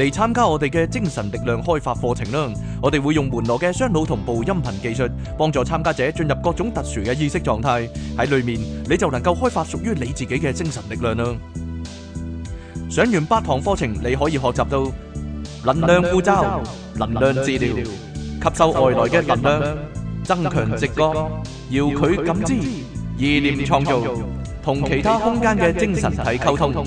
嚟參加我哋嘅精神力量開發課程啦！我哋會用門羅嘅雙腦同步音頻技術，幫助參加者進入各種特殊嘅意識狀態。喺裡面你就能夠開發屬於你自己嘅精神力量啦！上完八堂課程，你可以學習到能量護罩、能量治療、吸收外來嘅能量、增強直覺、遙距感知、意念創造、同其他空間嘅精神體溝通。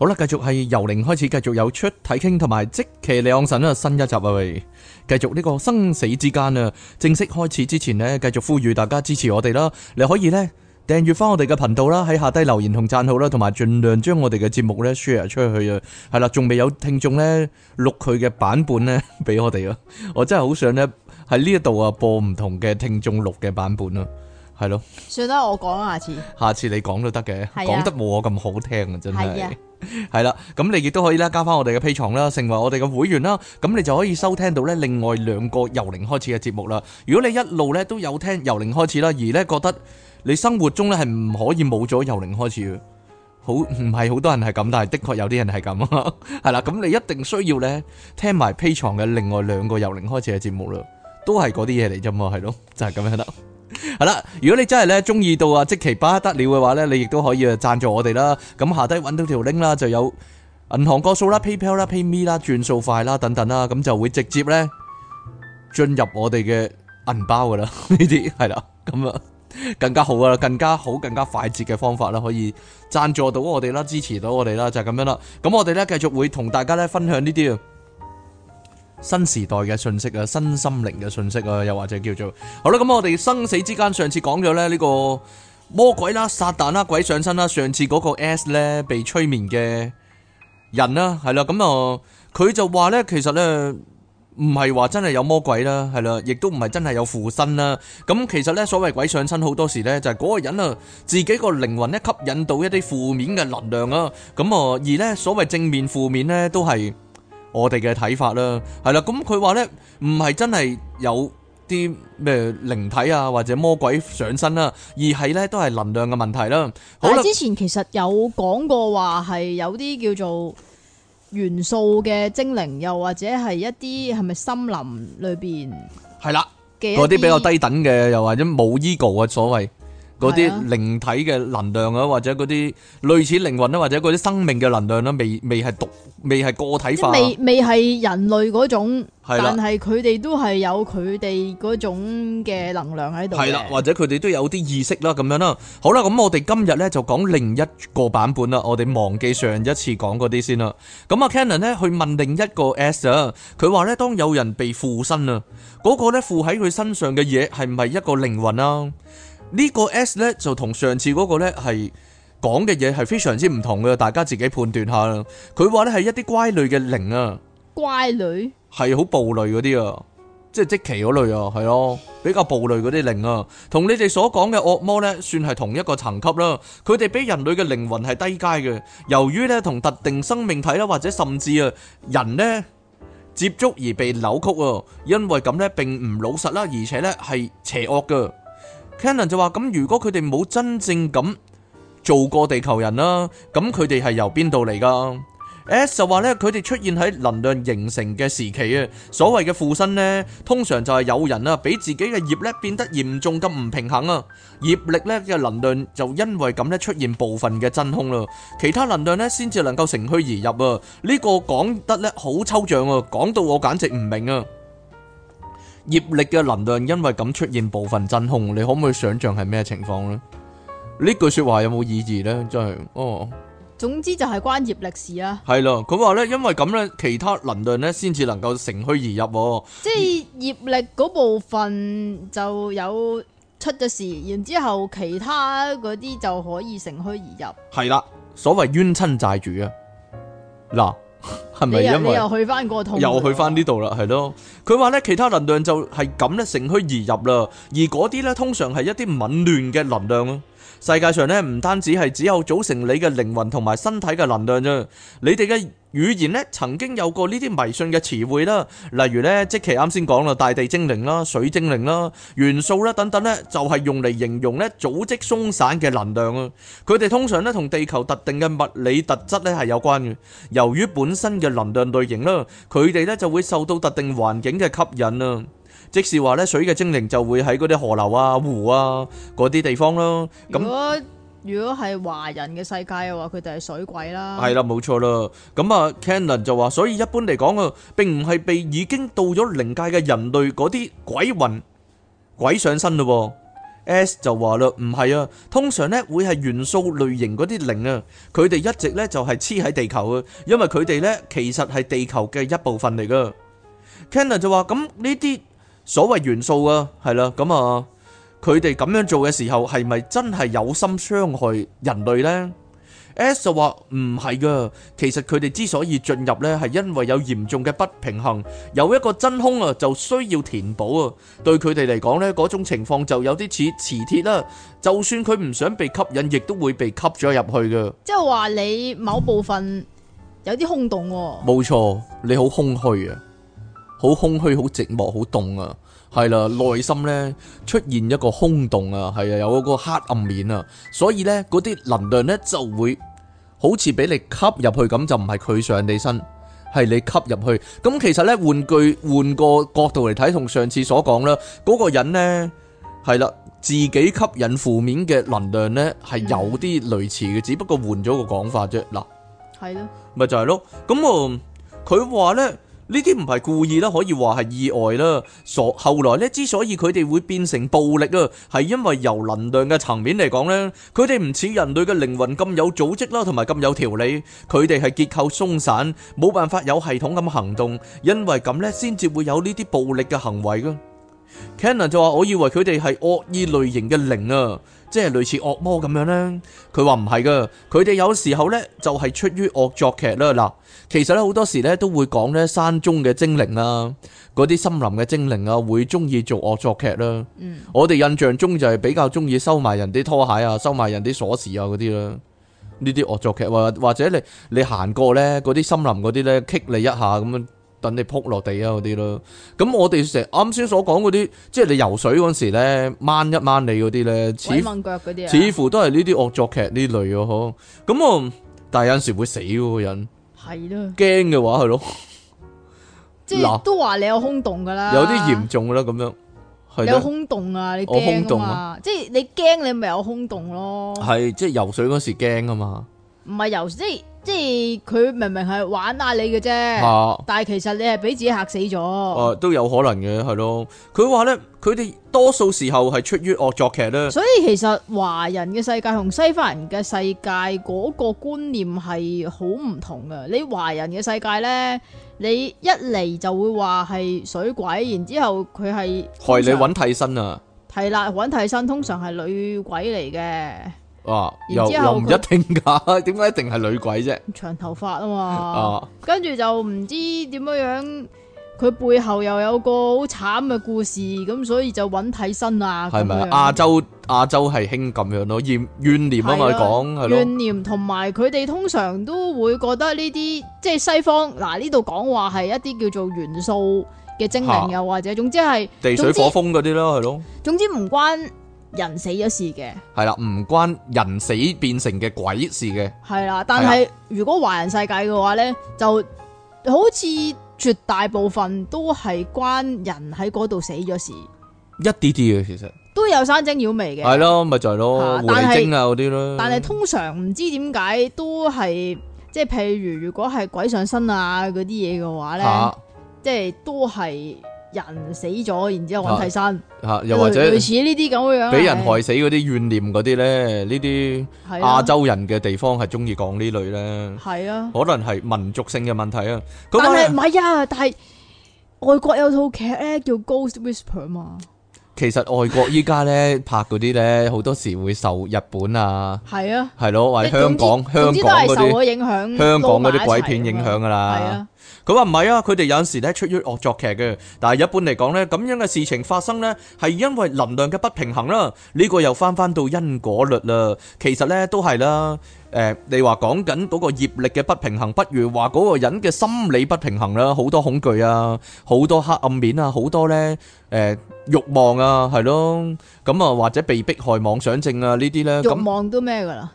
好啦，繼續係由零開始，繼續有出睇傾同埋即其兩神啦，新一集啊，喂，繼續呢個生死之間啊，正式開始之前呢，繼續呼籲大家支持我哋啦，你可以呢訂閱翻我哋嘅頻道啦，喺下低留言同讚好啦，同埋盡量將我哋嘅節目咧 share 出去啊，係啦，仲未有聽眾呢錄佢嘅版本呢俾我哋啊，我真係好想呢喺呢一度啊播唔同嘅聽眾錄嘅版本啊，係咯，算啦，我講下次，下次你講都的得嘅，講得冇我咁好聽啊，真係。係啦，咁你亦都可以咧加翻我哋嘅 Patreon 啦，成為我哋嘅會員啦。咁你就可以收聽到咧另外兩個由零開始嘅節目啦。如果你一路咧都有聽由零開始啦，而咧覺得你生活中咧係唔可以冇咗由零開始嘅，好唔係好多人係咁，但係的確有啲人係咁啊。係啦，咁你一定需要咧聽埋 Patreon 嘅另外兩個由零開始嘅節目啦，都係嗰啲嘢嚟啫嘛，係咯，就係咁樣得。係啦，如果你真係咧中意到啊，即其不得了嘅話咧，你亦都可以啊贊助我哋啦。咁下低搵到條 link 啦，就有銀行個數啦、PayPal 啦、PayMe 啦、轉數快啦等等啦，咁就會直接咧進入我哋嘅銀包噶啦。呢啲係啦，咁啊更加好噶啦，更加好、更加快捷嘅方法啦，可以贊助到我哋啦，支持到我哋啦，就係咁樣啦。咁我哋咧繼續會同大家咧分享呢啲。新時代嘅信息啊，新心靈嘅信息啊，又或者叫做好啦，咁啊，我哋生死之間上次講咗咧呢個魔鬼啦、撒旦啦、鬼上身啦，上次嗰個 S 咧被催眠嘅人啦，係啦，咁啊，佢就話咧，其實咧唔係話真係有魔鬼啦，係啦，亦都唔係真係有附身啦，咁其實咧所謂鬼上身好多時咧就係嗰個人啊自己個靈魂咧吸引到一啲負面嘅能量啊，咁啊而咧所謂正面負面咧都係。我哋嘅睇法啦，係啦，咁佢話咧唔係真係有啲咩靈體啊或者魔鬼上身啦，而係咧都係能量嘅問題啦。但係之前其實有講過話係有啲叫做元素嘅精靈，又或者係一啲係咪森林裏邊係啦，嗰啲比較低等嘅，又或者冇 ego 嘅所謂。嗰啲靈體嘅能量啊，或者嗰啲類似靈魂啊，或者嗰啲生命嘅能量啦，未未係獨，未係個體化，即係未未係人類嗰種，但係佢哋都係有佢哋嗰種嘅能量喺度。係啦，或者佢哋都有啲意識啦，咁樣啦。好啦，咁我哋今日呢就講另一個版本啦，我哋忘記上一次講嗰啲先啦。咁啊，Cannon 呢去問另一個 S 啊，佢話呢當有人被附身啊，嗰個呢附喺佢身上嘅嘢係唔係一個靈魂啊？呢個 S 咧，就同上次嗰個咧，係講嘅嘢，係非常之唔同嘅，大家自己判斷下啦。佢話咧，係一啲乖戾嘅靈啊，乖女？係好暴戾嗰啲啊，即係積奇嗰類啊，係咯，比較暴戾嗰啲靈啊，同你哋所講嘅惡魔咧，算係同一個層級啦。佢哋比人類嘅靈魂係低階嘅，由於咧，同特定生命體啦，或者甚至啊人咧，接觸而被扭曲啊，因為咁咧，並唔老實啦，而且咧，係邪惡㗎。Canon 就話咁，如果佢哋冇真正咁做過地球人啦，咁佢哋係由邊度嚟噶？S 就話呢，佢哋出現喺能量形成嘅時期啊，所謂嘅附身呢，通常就係有人啊，俾自己嘅業呢變得嚴重咁唔平衡啊，業力呢嘅能量就因為咁呢出現部分嘅真空啦，其他能量呢，先至能夠乘虛而入啊。呢個講得呢，好抽象啊，講到我簡直唔明啊。業力嘅能量因為咁出現部分真空，你可唔可以想象係咩情況呢？呢句說話有冇意義呢？真係哦，總之就係關業力事啊。係咯，佢話呢，因為咁呢，其他能量呢先至能夠乘虛而入。即係業力嗰部分就有出咗事，然之後其他嗰啲就可以乘虛而入。係啦，所謂冤親債主啊，嗱。係咪？ 因為又去翻個 又去翻呢度啦？係咯，佢話咧，其他能量就係咁咧乘虛而入啦，而嗰啲咧通常係一啲紊亂嘅能量咯。世界上咧唔單止係只有組成你嘅靈魂同埋身體嘅能量啫，你哋嘅。語言咧曾經有過呢啲迷信嘅詞彙啦，例如咧即其啱先講啦，大地精靈啦、水精靈啦、元素啦等等咧，就係用嚟形容咧組織鬆散嘅能量啊。佢哋通常咧同地球特定嘅物理特質咧係有關嘅。由於本身嘅能量類型啦，佢哋咧就會受到特定環境嘅吸引啊。即是話咧，水嘅精靈就會喺嗰啲河流啊、湖啊嗰啲地方咯咁。如果係華人嘅世界嘅話，佢哋係水鬼啦。係啦，冇錯啦。咁啊，Cannon 就話，所以一般嚟講啊，並唔係被已經到咗靈界嘅人類嗰啲鬼魂鬼上身咯。S 就話啦，唔係啊，通常咧會係元素類型嗰啲靈啊，佢哋一直咧就係黐喺地球啊，因為佢哋咧其實係地球嘅一部分嚟㗎。Cannon 就話，咁呢啲所謂元素啊，係啦，咁啊。佢哋咁樣做嘅時候，係咪真係有心傷害人類呢？S 就話唔係噶，其實佢哋之所以進入呢，係因為有嚴重嘅不平衡，有一個真空啊，就需要填補啊。對佢哋嚟講呢，嗰種情況就有啲似磁鐵啦。就算佢唔想被吸引，亦都會被吸咗入去噶。即係話你某部分有啲空洞。哦。冇錯，你好空虛啊，好空虛，好寂寞，好凍啊。係啦，內心咧出現一個空洞啊，係啊，有一個黑暗面啊，所以咧，嗰啲能量咧就會好似俾你吸入去咁，就唔係佢上你身，係你吸入去。咁其實咧換句換個角度嚟睇，同上次所講啦，嗰個人咧係啦，自己吸引負面嘅能量咧係有啲類似嘅，只不過換咗個講法啫。嗱，係咯，咪就係咯。咁啊，佢話咧。呢啲唔係故意啦，可以話係意外啦。所後來咧，之所以佢哋會變成暴力啊，係因為由能量嘅層面嚟講咧，佢哋唔似人類嘅靈魂咁有組織啦，同埋咁有條理。佢哋係結構鬆散，冇辦法有系統咁行動。因為咁咧，先至會有呢啲暴力嘅行為噶。Canon 就話，我以為佢哋係惡意類型嘅靈啊，即係類似惡魔咁樣呢。佢話唔係噶，佢哋有時候呢就係出於惡作劇啦。嗱，其實咧好多時呢都會講呢山中嘅精靈啊，嗰啲森林嘅精靈啊，會中意做惡作劇啦。嗯，我哋印象中就係比較中意收埋人啲拖鞋啊，收埋人啲鎖匙啊嗰啲啦。呢啲惡作劇，或或者你你行過呢嗰啲森林嗰啲呢，棘你一下咁啊。等你撲落地啊嗰啲咯，咁我哋成日啱先所講嗰啲，即係你游水嗰時咧掹一掹你嗰啲咧，似乎，掹腳嗰啲啊似乎都係呢啲惡作劇呢類啊嗬。咁啊，但係有陣時會死嗰個人，係咯的，驚嘅話係咯，即係嗱都話你有空洞噶啦，有啲嚴重噶啦咁樣，你有空洞啊，你空洞啊，即係你驚你咪有空洞咯，係即係游水嗰時驚啊嘛。唔係由即即佢明明係玩下你嘅啫，啊、但係其實你係俾自己嚇死咗、啊。都有可能嘅，係咯。佢話呢，佢哋多數時候係出於惡作劇啦。所以其實華人嘅世界同西方人嘅世界嗰個觀念係好唔同嘅。你華人嘅世界呢，你一嚟就會話係水鬼，然之後佢係害你揾替身啊。係啦，揾替身通常係女鬼嚟嘅。哇，又又唔一定噶，點解一定係女鬼啫？長頭髮啊嘛， 啊跟住就唔知點樣樣，佢背後又有個好慘嘅故事，咁所以就揾替身啊。係咪亞洲亞洲係興咁樣嘛、啊、你咯？怨怨念啊嘛，講怨念，同埋佢哋通常都會覺得呢啲即係西方嗱呢度講話係一啲叫做元素嘅精靈，又或者總之係地水火風嗰啲咯，係咯。總之唔關。人死咗事嘅，係啦，唔關人死變成嘅鬼事嘅，係啦。但係的如果華人世界嘅話咧，就好似絕大部分都係關人喺嗰度死咗事，一啲啲嘅其實都有山精妖魅嘅，係咯，咪就係、是、咯，狐狸精啊嗰啲咯。但係通常唔知點解都係，即係譬如如果係鬼上身啊嗰啲嘢嘅話咧，啊、即係都係。人死咗，然之後揾替身，又或者類似呢啲咁樣，俾人害死嗰啲怨念嗰啲咧，呢啲亞洲人嘅地方係中意講呢類咧。係啊，可能係民族性嘅問題啊。咁啊，唔係啊，但係外國有套劇咧叫《Ghost Whisperer》嘛。其實外國依家咧拍嗰啲咧，好多時會受日本啊，係啊，係咯，或者香港香港係受我影響，香港嗰啲鬼片影響㗎啦。佢話唔係啊，佢哋有陣時咧出於惡作劇嘅，但係一般嚟講呢，咁樣嘅事情發生呢，係因為能量嘅不平衡啦。呢、呢個又翻翻到因果律啦。其實呢都係啦。誒、呃，你話講緊嗰個業力嘅不平衡，不如話嗰個人嘅心理不平衡啦。好多恐懼啊，好多黑暗面啊，好多呢誒呃、慾望啊，係咯。咁啊或者被迫害妄想症啊呢啲呢，慾望都咩噶啦？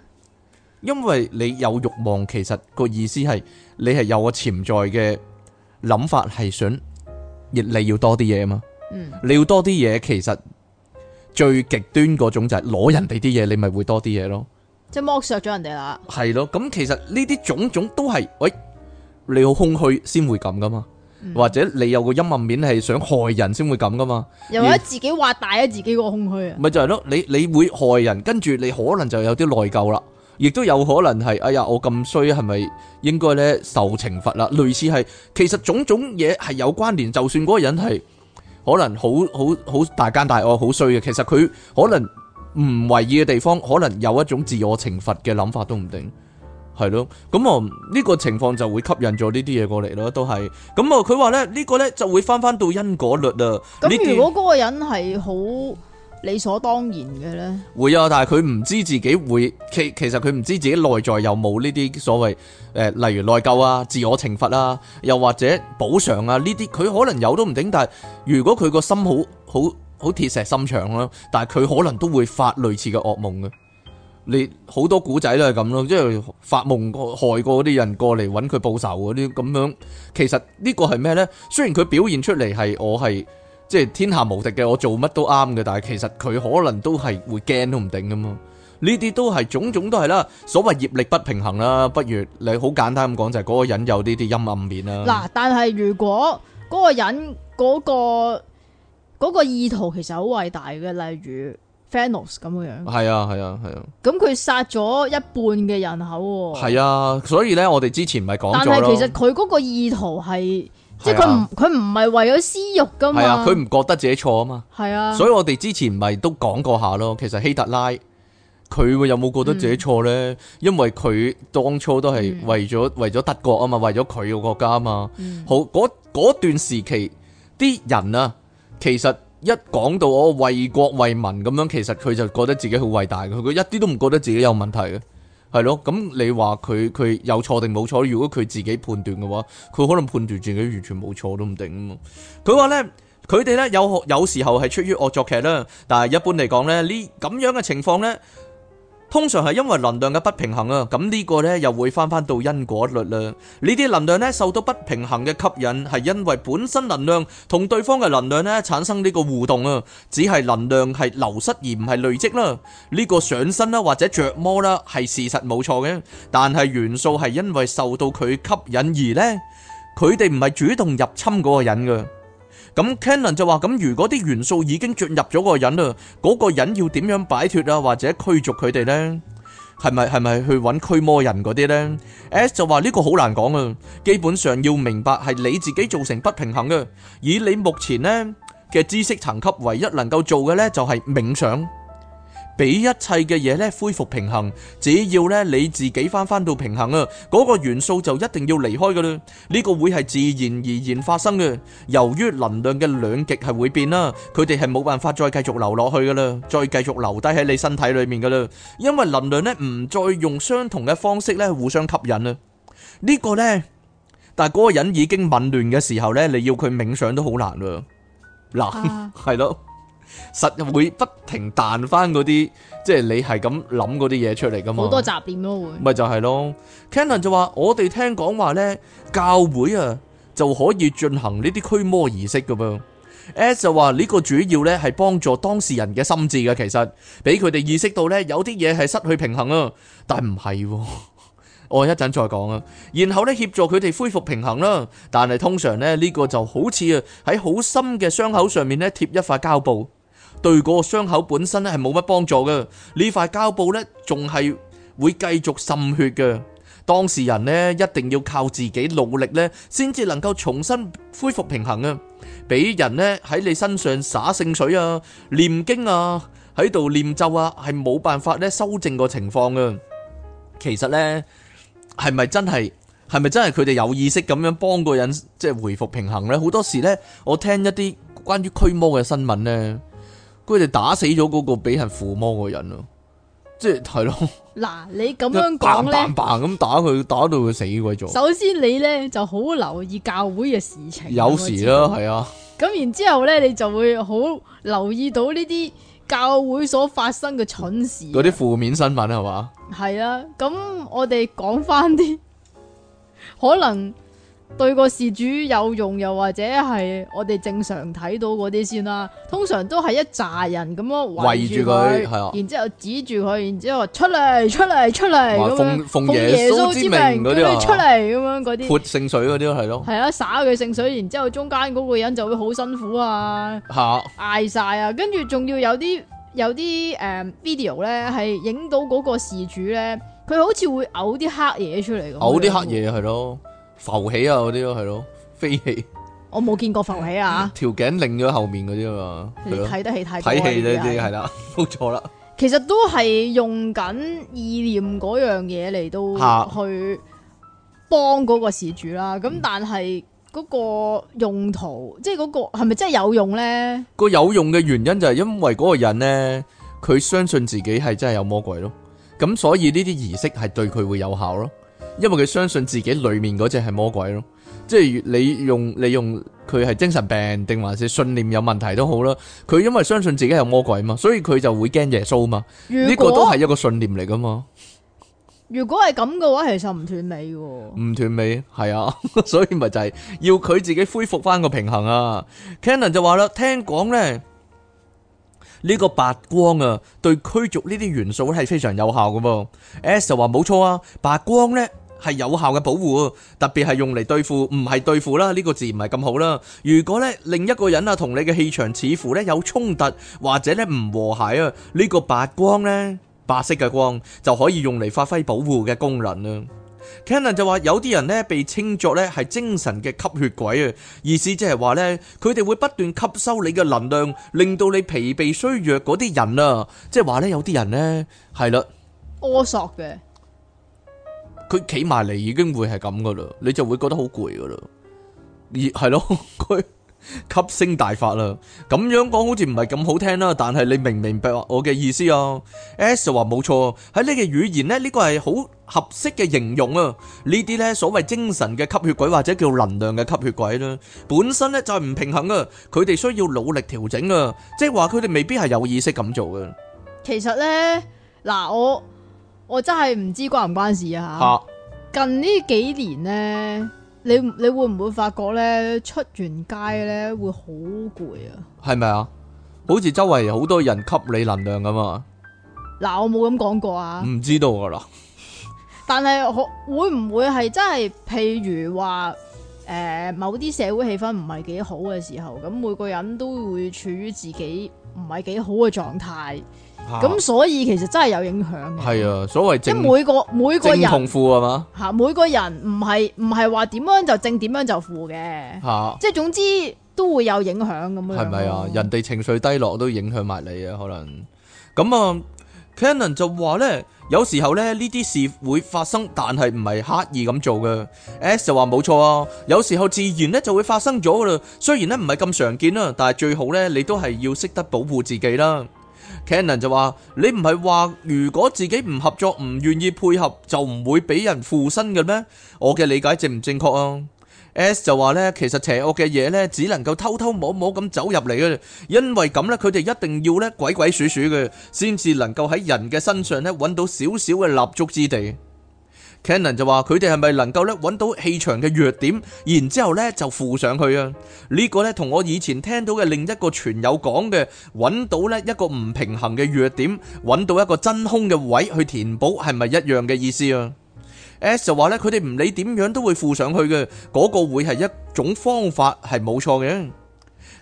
因為你有慾望，其實個意思係你係有個潛在嘅諗法，係想亦你要多啲嘢啊嘛。嗯，你要多啲嘢，其實最極端嗰種就係攞人哋啲嘢，你咪會多啲嘢咯。即係剝削咗人哋啦。係咯，咁其實呢啲種種都係，喂，你好空虛先會咁噶嘛？或者你有個陰暗面係想害人先會咁噶嘛？有冇自己話大咗自己個空虛啊？咪就係咯，你你會害人，跟住你可能就有啲內疚啦。亦都有可能係，哎呀，我咁衰，係咪應該咧受懲罰啦？類似係，其實種種嘢係有關聯。就算嗰個人係可能好好好大奸大惡、好衰嘅，其實佢可能唔為意嘅地方，可能有一種自我懲罰嘅諗法都唔定，係咯。咁、嗯、啊，呢、這個情況就會吸引咗呢啲嘢過嚟咯，都係。咁、嗯、啊，佢話咧呢、這個咧就會返返到因果律啊。咁、嗯、些如果嗰個人係好？理所當然嘅咧，會啊！但係佢唔知自己會，其其實佢唔知自己內在有冇呢啲所謂誒、呃，例如內疚啊、自我懲罰啊，又或者補償啊呢啲，佢可能有都唔定。但係如果佢個心好好好鐵石心腸咯、啊，但係佢可能都會發類似嘅惡夢嘅。你好多古仔都係咁咯，即係發夢過害過嗰啲人過嚟揾佢報仇嗰啲咁樣。其實呢個係咩呢？雖然佢表現出嚟係我係。即係天下無敵嘅，我做乜都啱嘅，但係其實佢可能都係會驚都唔定噶嘛。呢啲都係種種都係啦。所謂業力不平衡啦，不如你好簡單咁講就係、是、嗰個人有呢啲陰暗面啦。嗱，但係如果嗰個人嗰、嗰個、嗰個意圖其實好偉大嘅，例如 Pharaoh 咁嘅樣。係啊係啊係啊。咁佢殺咗一半嘅人口喎。係啊，所以咧，我哋之前咪講咗。但係其實佢嗰個意圖係。即係佢唔佢唔係為咗私欲噶嘛？係啊，佢唔覺得自己錯啊嘛。係啊，所以我哋之前咪都講過下咯。其實希特拉佢會有冇覺得自己錯咧？嗯、因為佢當初都係為咗、嗯、為咗德國啊嘛，為咗佢個國家啊嘛。嗯、好嗰嗰段時期啲人啊，其實一講到我為國為民咁樣，其實佢就覺得自己好偉大嘅。佢一啲都唔覺得自己有問題嘅。係咯，咁你話佢佢有錯定冇錯？如果佢自己判斷嘅話，佢可能判斷自己完全冇錯都唔定啊嘛！佢話咧，佢哋咧有有時候係出於惡作劇啦，但係一般嚟講咧，呢咁樣嘅情況咧。通常係因為能量嘅不平衡啊，咁、這、呢個呢又會翻翻到因果律啦。呢啲能量呢受到不平衡嘅吸引，係因為本身能量同對方嘅能量呢產生呢個互動啊，只係能量係流失而唔係累積啦。呢、這個上身啦或者着魔啦係事實冇錯嘅，但係元素係因為受到佢吸引而呢，佢哋唔係主動入侵嗰個人㗎。咁、嗯、Canon 就話咁，如果啲元素已經進入咗個人啦，嗰、嗰個人要點樣擺脫啊，或者驅逐佢哋呢？係咪係咪去揾驅魔人嗰啲呢？S 就話呢、呢個好難講啊，基本上要明白係你自己造成不平衡嘅，以你目前呢嘅知識層級，唯一能夠做嘅呢，就係冥想。俾一切嘅嘢咧恢復平衡，只要咧你自己翻翻到平衡啊，嗰個元素就一定要離開噶啦，呢個會係自然而然發生嘅。由於能量嘅兩極係會變啦，佢哋係冇辦法再繼續留落去噶啦，再繼續留低喺你身體裏面噶啦，因為能量咧唔再用相同嘅方式咧互相吸引啊。呢個呢，但係嗰個人已經紊亂嘅時候呢，你要佢冥想都好難啦啊。嗱，係咯。實會不停彈翻嗰啲，即係你係咁諗嗰啲嘢出嚟噶嘛？好多雜念咯，會咪就係咯。Canon 就話：我哋聽講話咧，教會啊就可以進行呢啲驅魔儀式噶噃。At 就話呢、呢個主要咧係幫助當事人嘅心智嘅，其實俾佢哋意識到咧有啲嘢係失去平衡啊，但唔係喎。我一陣再講啊，然後呢協助佢哋恢復平衡啦。但係通常呢，呢個就好似啊喺好深嘅傷口上面呢貼一塊膠布，對個傷口本身呢係冇乜幫助嘅。呢塊膠布呢仲係會繼續滲血嘅。當事人呢一定要靠自己努力呢，先至能夠重新恢復平衡啊！俾人呢喺你身上灑聖水啊、念經啊、喺度念咒啊，係冇辦法呢修正個情況嘅。其實呢。係咪真係？係咪真係佢哋有意識咁樣幫個人即係回復平衡咧？好多時咧，我聽一啲關於驅魔嘅新聞咧，佢哋打死咗嗰個俾人附魔個人咯，即係係咯。嗱，你咁樣講咧，咁打佢，打到佢死鬼咗。首先你咧就好留意教會嘅事情，有時啦，係啊。咁然之後咧，你就會好留意到呢啲。教會所發生嘅蠢事，嗰啲負面新聞係嘛？係啊，咁、啊、我哋講翻啲可能。對個事主有用，又或者係我哋正常睇到嗰啲先啦、啊。通常都係一紮人咁樣圍住佢，係啊，然之後指住佢，然之後話出嚟，出嚟，出嚟咁樣。奉奉，奉耶穌之命，嗰啲出嚟，咁樣嗰啲潑聖水嗰啲咯，係咯。係啊，灑佢聖水，然之後中間嗰個人就會好辛苦啊，嗌、啊、晒啊，跟住仲要有啲有啲誒、嗯、video 咧，係影到嗰個事主咧，佢好似會嘔啲黑嘢出嚟咁，嘔啲黑嘢係咯。浮起啊，嗰啲咯，係咯，飛起。我冇見過浮起啊。條頸擰咗後面嗰啲啊嘛。睇得戲太多啦。睇戲呢啲係的啦，冇錯啦。其實都係用緊意念嗰樣嘢嚟到去幫嗰個事主啦。咁、啊、但係嗰個用途，即係嗰個係咪真係有用咧？個有用嘅原因就係因為嗰個人咧，佢相信自己係真係有魔鬼咯。咁所以呢啲儀式係對佢會有效咯。因為佢相信自己裏面嗰隻係魔鬼咯，即係你用你用佢係精神病定還是信念有問題都好啦，佢因為相信自己係魔鬼嘛，所以佢就會驚耶穌嘛，呢個都係一個信念嚟噶嘛。如果係咁嘅話，其實唔斷尾嘅，唔斷尾係啊， 所以咪就係要佢自己恢復翻個平衡啊。Cannon 就話啦，聽講咧呢、呢個白光啊，對驅逐呢啲元素係非常有效嘅。S 就話冇錯啊，白光咧。係有效嘅保護，特別係用嚟對付，唔係對付啦，呢、這個字唔係咁好啦。如果呢另一個人啊同你嘅氣場似乎呢有衝突或者呢唔和諧啊，呢、這個白光呢，白色嘅光就可以用嚟發揮保護嘅功能啊。Canon 就話有啲人呢被稱作呢係精神嘅吸血鬼啊，意思即係話呢，佢哋會不斷吸收你嘅能量，令到你疲憊衰弱嗰啲人啊，即係話呢，有啲人呢，係啦，柯索嘅。佢企埋嚟，已經會係咁噶啦，你就會覺得好攰噶啦，咦，係咯，佢吸星大法啦，咁樣講好似唔係咁好聽啦，但係你明唔明白我嘅意思啊？S 就話冇錯，喺呢嘅語言咧，呢個係好合適嘅形容啊。呢啲咧，所謂精神嘅吸血鬼或者叫能量嘅吸血鬼啦，本身咧就係唔平衡啊，佢哋需要努力調整啊，即係話佢哋未必係有意識咁做噶。其實咧，嗱我。我真係唔知關唔關事啊吓！啊近呢幾年呢，你你會唔會發覺呢？出完街呢會好攰啊？係咪啊？好似周圍好多人給你能量咁嘛。嗱、啊，我冇咁講過啊！唔知道噶啦。 但係會唔會係真係？譬如話誒、呃，某啲社會氣氛唔係幾好嘅時候，咁每個人都會處於自己唔係幾好嘅狀態。咁、啊、所以其實真係有影響嘅，係啊，所謂即係每個每個人同負係嘛吓，每個人唔係唔係話點樣就正，點樣就負嘅吓，啊、即係總之都會有影響咁樣。係咪啊？人哋情緒低落都影響埋你啊，可能咁、嗯、啊。Cannon 就話咧，有時候咧呢啲事會發生，但係唔係刻意咁做嘅。S 就話冇錯啊，有時候自然咧就會發生咗啦。雖然咧唔係咁常見啦，但係最好咧你都係要識得保護自己啦。Canon 就話：你唔係話如果自己唔合作、唔願意配合，就唔會畀人附身嘅咩？我嘅理解正唔正確啊？S 就話呢，其實邪惡嘅嘢呢，只能夠偷偷摸摸咁走入嚟嘅，因為咁呢，佢哋一定要呢鬼鬼祟祟嘅，先至能夠喺人嘅身上呢揾到少少嘅立足之地。Cannon 就話：佢哋係咪能夠咧揾到氣場嘅弱點，然之後咧就附上去啊？呢個咧同我以前聽到嘅另一個傳友講嘅揾到咧一個唔平衡嘅弱點，揾到一個真空嘅位去填補係咪一樣嘅意思啊？S 就話咧：佢哋唔理點樣都會附上去嘅，嗰個會係一種方法係冇錯嘅。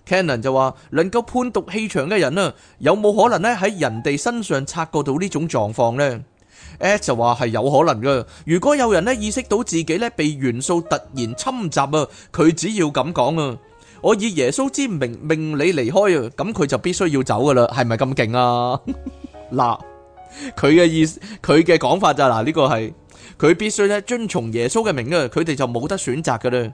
Cannon 就話：能夠判讀氣場嘅人啊，有冇可能咧喺人哋身上察覺到呢種狀況呢？at 就話係有可能噶如果有人咧意識到自己咧被元素突然侵襲啊，佢只要咁講啊，我以耶穌之名命你離開是是啊，咁 佢、這個、就必須要走噶啦，係咪咁勁啊？嗱，佢嘅意佢嘅講法就嗱呢個係，佢必須咧遵從耶穌嘅命啊，佢哋就冇得選擇噶啦。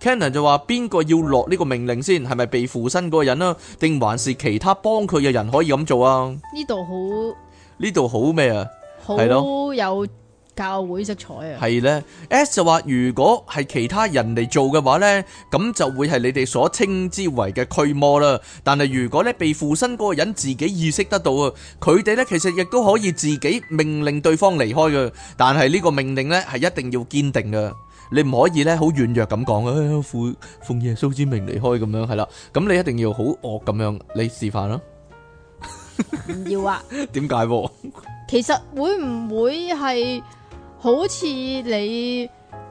Canon 就話邊個要落呢個命令先？係咪被附身嗰個人啊？定還是其他幫佢嘅人可以咁做啊？呢度好呢度好咩啊？係咯，有教會色彩啊！係咧，S 就話如果係其他人嚟做嘅話咧，咁就會係你哋所稱之為嘅驅魔啦。但係如果咧被附身嗰個人自己意識得到啊，佢哋咧其實亦都可以自己命令對方離開噶。但係呢個命令咧係一定要堅定噶，你唔可以咧好軟弱咁講啊，奉奉耶穌之名離開咁樣係啦。咁你一定要好惡咁樣，你示範啦。唔要啊？點解噃？其實會唔會係好似你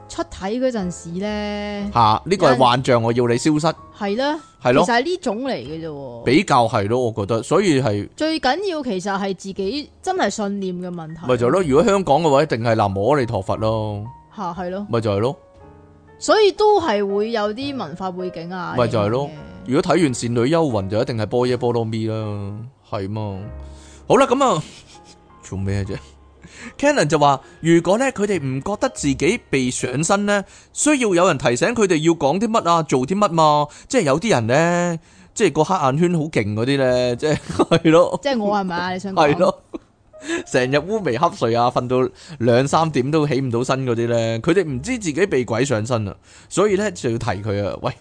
出體嗰陣時咧？吓、啊，呢個係幻象，人我要你消失。係咧的，係咯的，其實係呢種嚟嘅啫。比較係咯，我覺得，所以係最緊要，其實係自己真係信念嘅問題。咪就係咯，如果香港嘅話，一定係南無阿彌陀佛咯。吓，係咯，咪就係咯。所以都係會有啲文化背景啊。咪就係咯，的如果睇完《倩女幽魂》，就一定係波耶波羅咪啦，係嘛。好啦，咁啊。做咩啫？Canon 就話，如果咧佢哋唔覺得自己被上身咧，需要有人提醒佢哋要講啲乜啊，做啲乜嘛。即係有啲人咧，即係個黑眼圈好勁嗰啲咧，即係係咯。即係我係咪啊？ 你想講係咯？成日烏眉瞌睡啊，瞓到兩三點都起唔到身嗰啲咧，佢哋唔知自己被鬼上身啊，所以咧就要提佢啊，喂！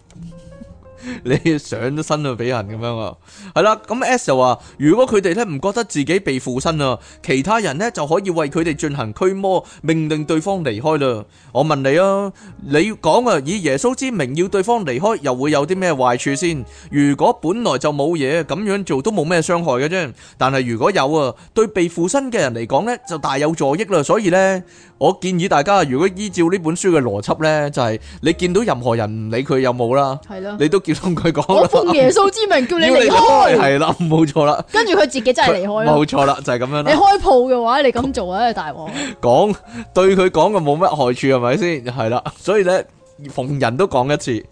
你上咗身就俾人咁樣啊，係啦，咁、嗯、S 就話如果佢哋咧唔覺得自己被附身啊，其他人呢就可以為佢哋進行驅魔，命令對方離開啦。我問你啊，你講啊以耶穌之名要對方離開，又會有啲咩壞處先？如果本來就冇嘢，咁樣做都冇咩傷害嘅啫。但係如果有啊，對被附身嘅人嚟講呢，就大有助益啦。所以呢。我建議大家，如果依照呢本書嘅邏輯咧，就係、是、你見到任何人唔理佢有冇啦，的你都叫同佢講。我奉耶穌之名叫你離開，係啦， 冇錯啦。跟住佢自己真係離開啦。冇錯啦，就係、是、咁樣啦。你開鋪嘅話，你咁做啊，大王說。對講對佢講嘅冇乜害處係咪先？係啦，所以咧逢人都講一次。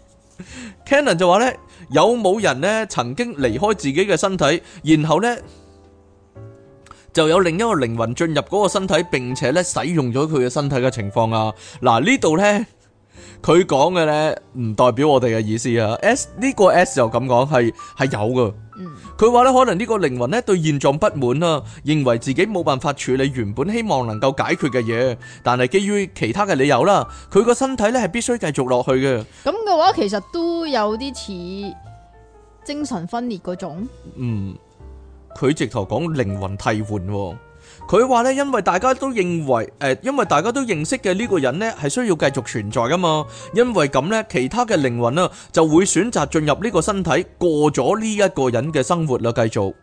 Cannon 就話咧：有冇人咧曾經離開自己嘅身體，然後咧，就有另一個靈魂進入嗰個身體，並且咧使用咗佢嘅身體嘅情況啊！嗱呢度呢，佢講嘅呢唔代表我哋嘅意思啊！S 呢個 S 又咁講，係係有嘅，佢話呢，可能呢個靈魂呢對現狀不滿啊，認為自己冇辦法處理原本希望能夠解決嘅嘢，但係基於其他嘅理由啦，佢個身體呢係必須繼續落去嘅。咁嘅話其實都有啲似精神分裂嗰種。嗯。佢直頭講靈魂替換、哦，佢話呢，因為大家都認為，誒、呃，因為大家都認識嘅呢個人呢係需要繼續存在噶嘛，因為咁呢，其他嘅靈魂啊，就會選擇進入呢個身體，過咗呢一個人嘅生活啦，繼續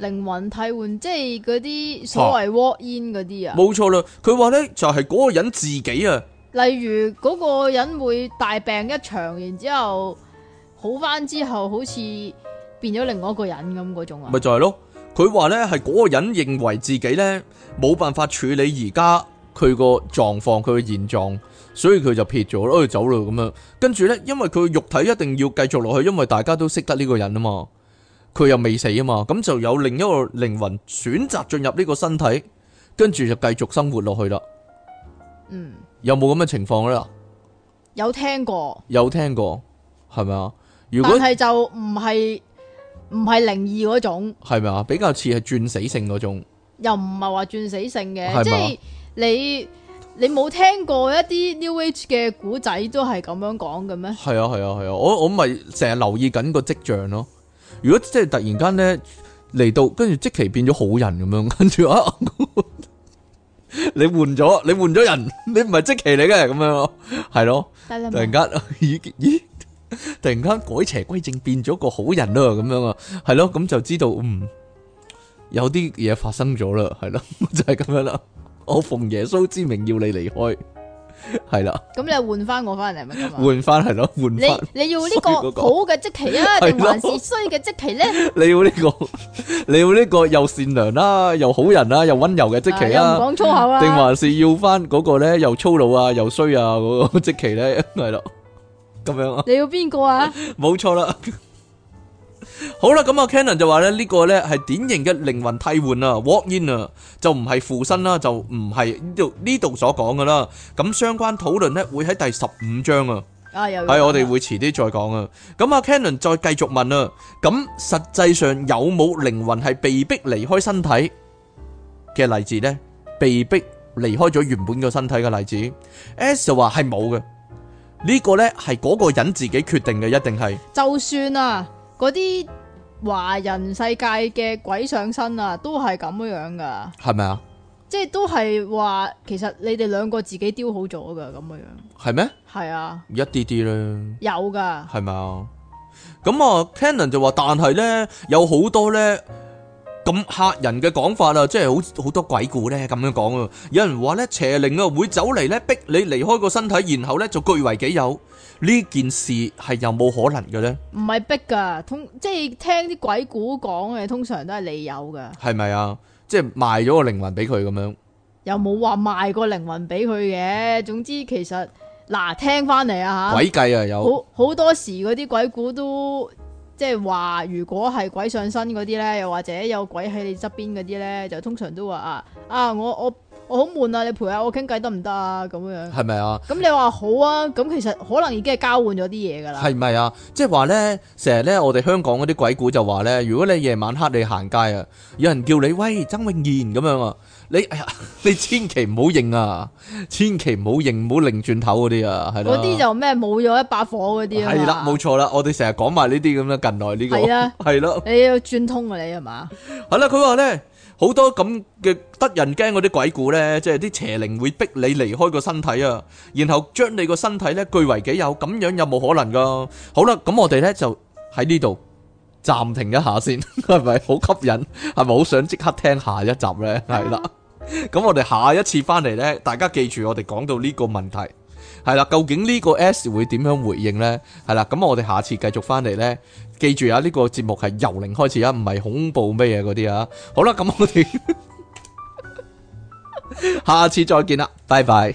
靈魂替換，即係嗰啲所謂 walk in 嗰啲啊，冇錯啦，佢話呢，就係、是、嗰個人自己啊，例如嗰、那個人會大病一場，然之後好翻之後，好似。變咗另外一個人咁嗰種啊？咪就係咯，佢話呢係嗰個人認為自己呢冇辦法處理而家佢個狀況，佢嘅現狀，所以佢就撇咗咯，佢走咯咁啊。跟住呢，因為佢肉體一定要繼續落去，因為大家都識得呢個人啊嘛，佢又未死啊嘛，咁就有另一個靈魂選擇進入呢個身體，跟住就繼續生活落去啦。嗯，有冇咁嘅情況呢？有聽過，有聽過，係咪啊？如果但係就唔係。唔係靈異嗰種，係咪啊？比較似係轉死性嗰種，又唔係話轉死性嘅，吧即係你你冇聽過一啲 New Age 嘅古仔都係咁樣講嘅咩？係啊，係啊，係啊，我我咪成日留意緊個迹象咯。如果即係突然間咧嚟到，跟住即期變咗好人咁樣，跟住啊， 你換咗你換咗人，你唔係即期嚟嘅，係咁樣咯，係咯、啊，的突然間咦咦。的 突然間改邪歸正變咗個好人啦，咁樣啊，係咯，咁就知道嗯有啲嘢發生咗啦，係咯，就係咁樣啦。我奉耶穌之名要你離開，係啦。咁你換翻我翻嚟咪？換翻係咯，換翻。你你要呢個好嘅積奇啊，定還是衰嘅積奇咧？你要呢個，你要呢個又善良啦，又好人啦，又温柔嘅積奇啊，又唔講粗口啊，定還是要翻嗰個咧又粗魯啊，又衰啊嗰個積奇咧？係咯。咁樣啊？你要邊個啊？冇錯啦。好啦，咁啊，Cannon 就話咧，呢個咧係典型嘅靈魂替換啊，walk in 啊，就唔係附身啦，就唔係呢度呢度所講噶啦。咁相關討論咧會喺第十五章啊。啊，有係我哋會遲啲再講啊。咁啊，Cannon 再繼續問啊。咁實際上有冇靈魂係被逼離開身體嘅例子咧？被逼離開咗原本個身體嘅例子？S 就話係冇嘅。呢個呢，係嗰個人自己決定嘅，一定係。就算啊，嗰啲華人世界嘅鬼上身啊，都係咁樣㗎。係咪啊？即係都係話，其實你哋兩個自己雕好咗㗎咁樣。係咩嗎？係啊，一啲啲啦，有㗎的。係咪啊？咁啊，Canon 就話，但係呢，有好多呢。咁吓人嘅講法啊，即係好好多鬼故咧，咁樣講啊，有人話咧，邪靈啊會走嚟，咧逼你離開個身體，然後咧就據為己有。呢件事係有冇可能嘅咧？唔係逼噶，通即係聽啲鬼故講嘅，通常都係你有噶。係咪啊？即係賣咗個靈魂俾佢咁樣？又冇話賣個靈魂俾佢嘅。總之其實嗱，聽翻嚟啊吓，鬼計啊有。好好多時嗰啲鬼故都。即係話，如果係鬼上身嗰啲咧，又或者有鬼喺你側邊嗰啲咧，就通常都話啊啊，我我我好悶啊，你陪下我傾偈得唔得啊？咁樣係咪啊？咁你話好啊？咁其實可能已經係交換咗啲嘢噶啦。係咪啊？即係話咧，成日咧，我哋香港嗰啲鬼故就話咧，如果你夜晚黑你行街啊，有人叫你喂曾永賢咁樣啊。你哎呀！你千祈唔好認啊，千祈唔好認，唔好擰轉頭嗰啲啊，係啦。嗰啲就咩冇咗一把火嗰啲啊。係啦，冇錯啦，我哋成日講埋呢啲咁嘅，近來呢個係啦，係咯。你要轉通啊，你係嘛？係啦，佢話咧，好多咁嘅得人驚嗰啲鬼故咧，即係啲邪靈會逼你離開個身體啊，然後將你個身體咧據為己有，咁樣有冇可能噶？好啦，咁我哋咧就喺呢度暫停一下先，係咪好吸引？係咪好想即刻聽下一集咧？係啦。咁我哋下一次翻嚟呢，大家記住我哋講到呢個問題係啦，究竟呢個 S 會點樣回應呢？係啦，咁我哋下次繼續翻嚟呢，記住啊，呢個節目係由零開始啊，唔係恐怖咩嘢嗰啲啊。好啦，咁我哋 下次再見啦，拜拜。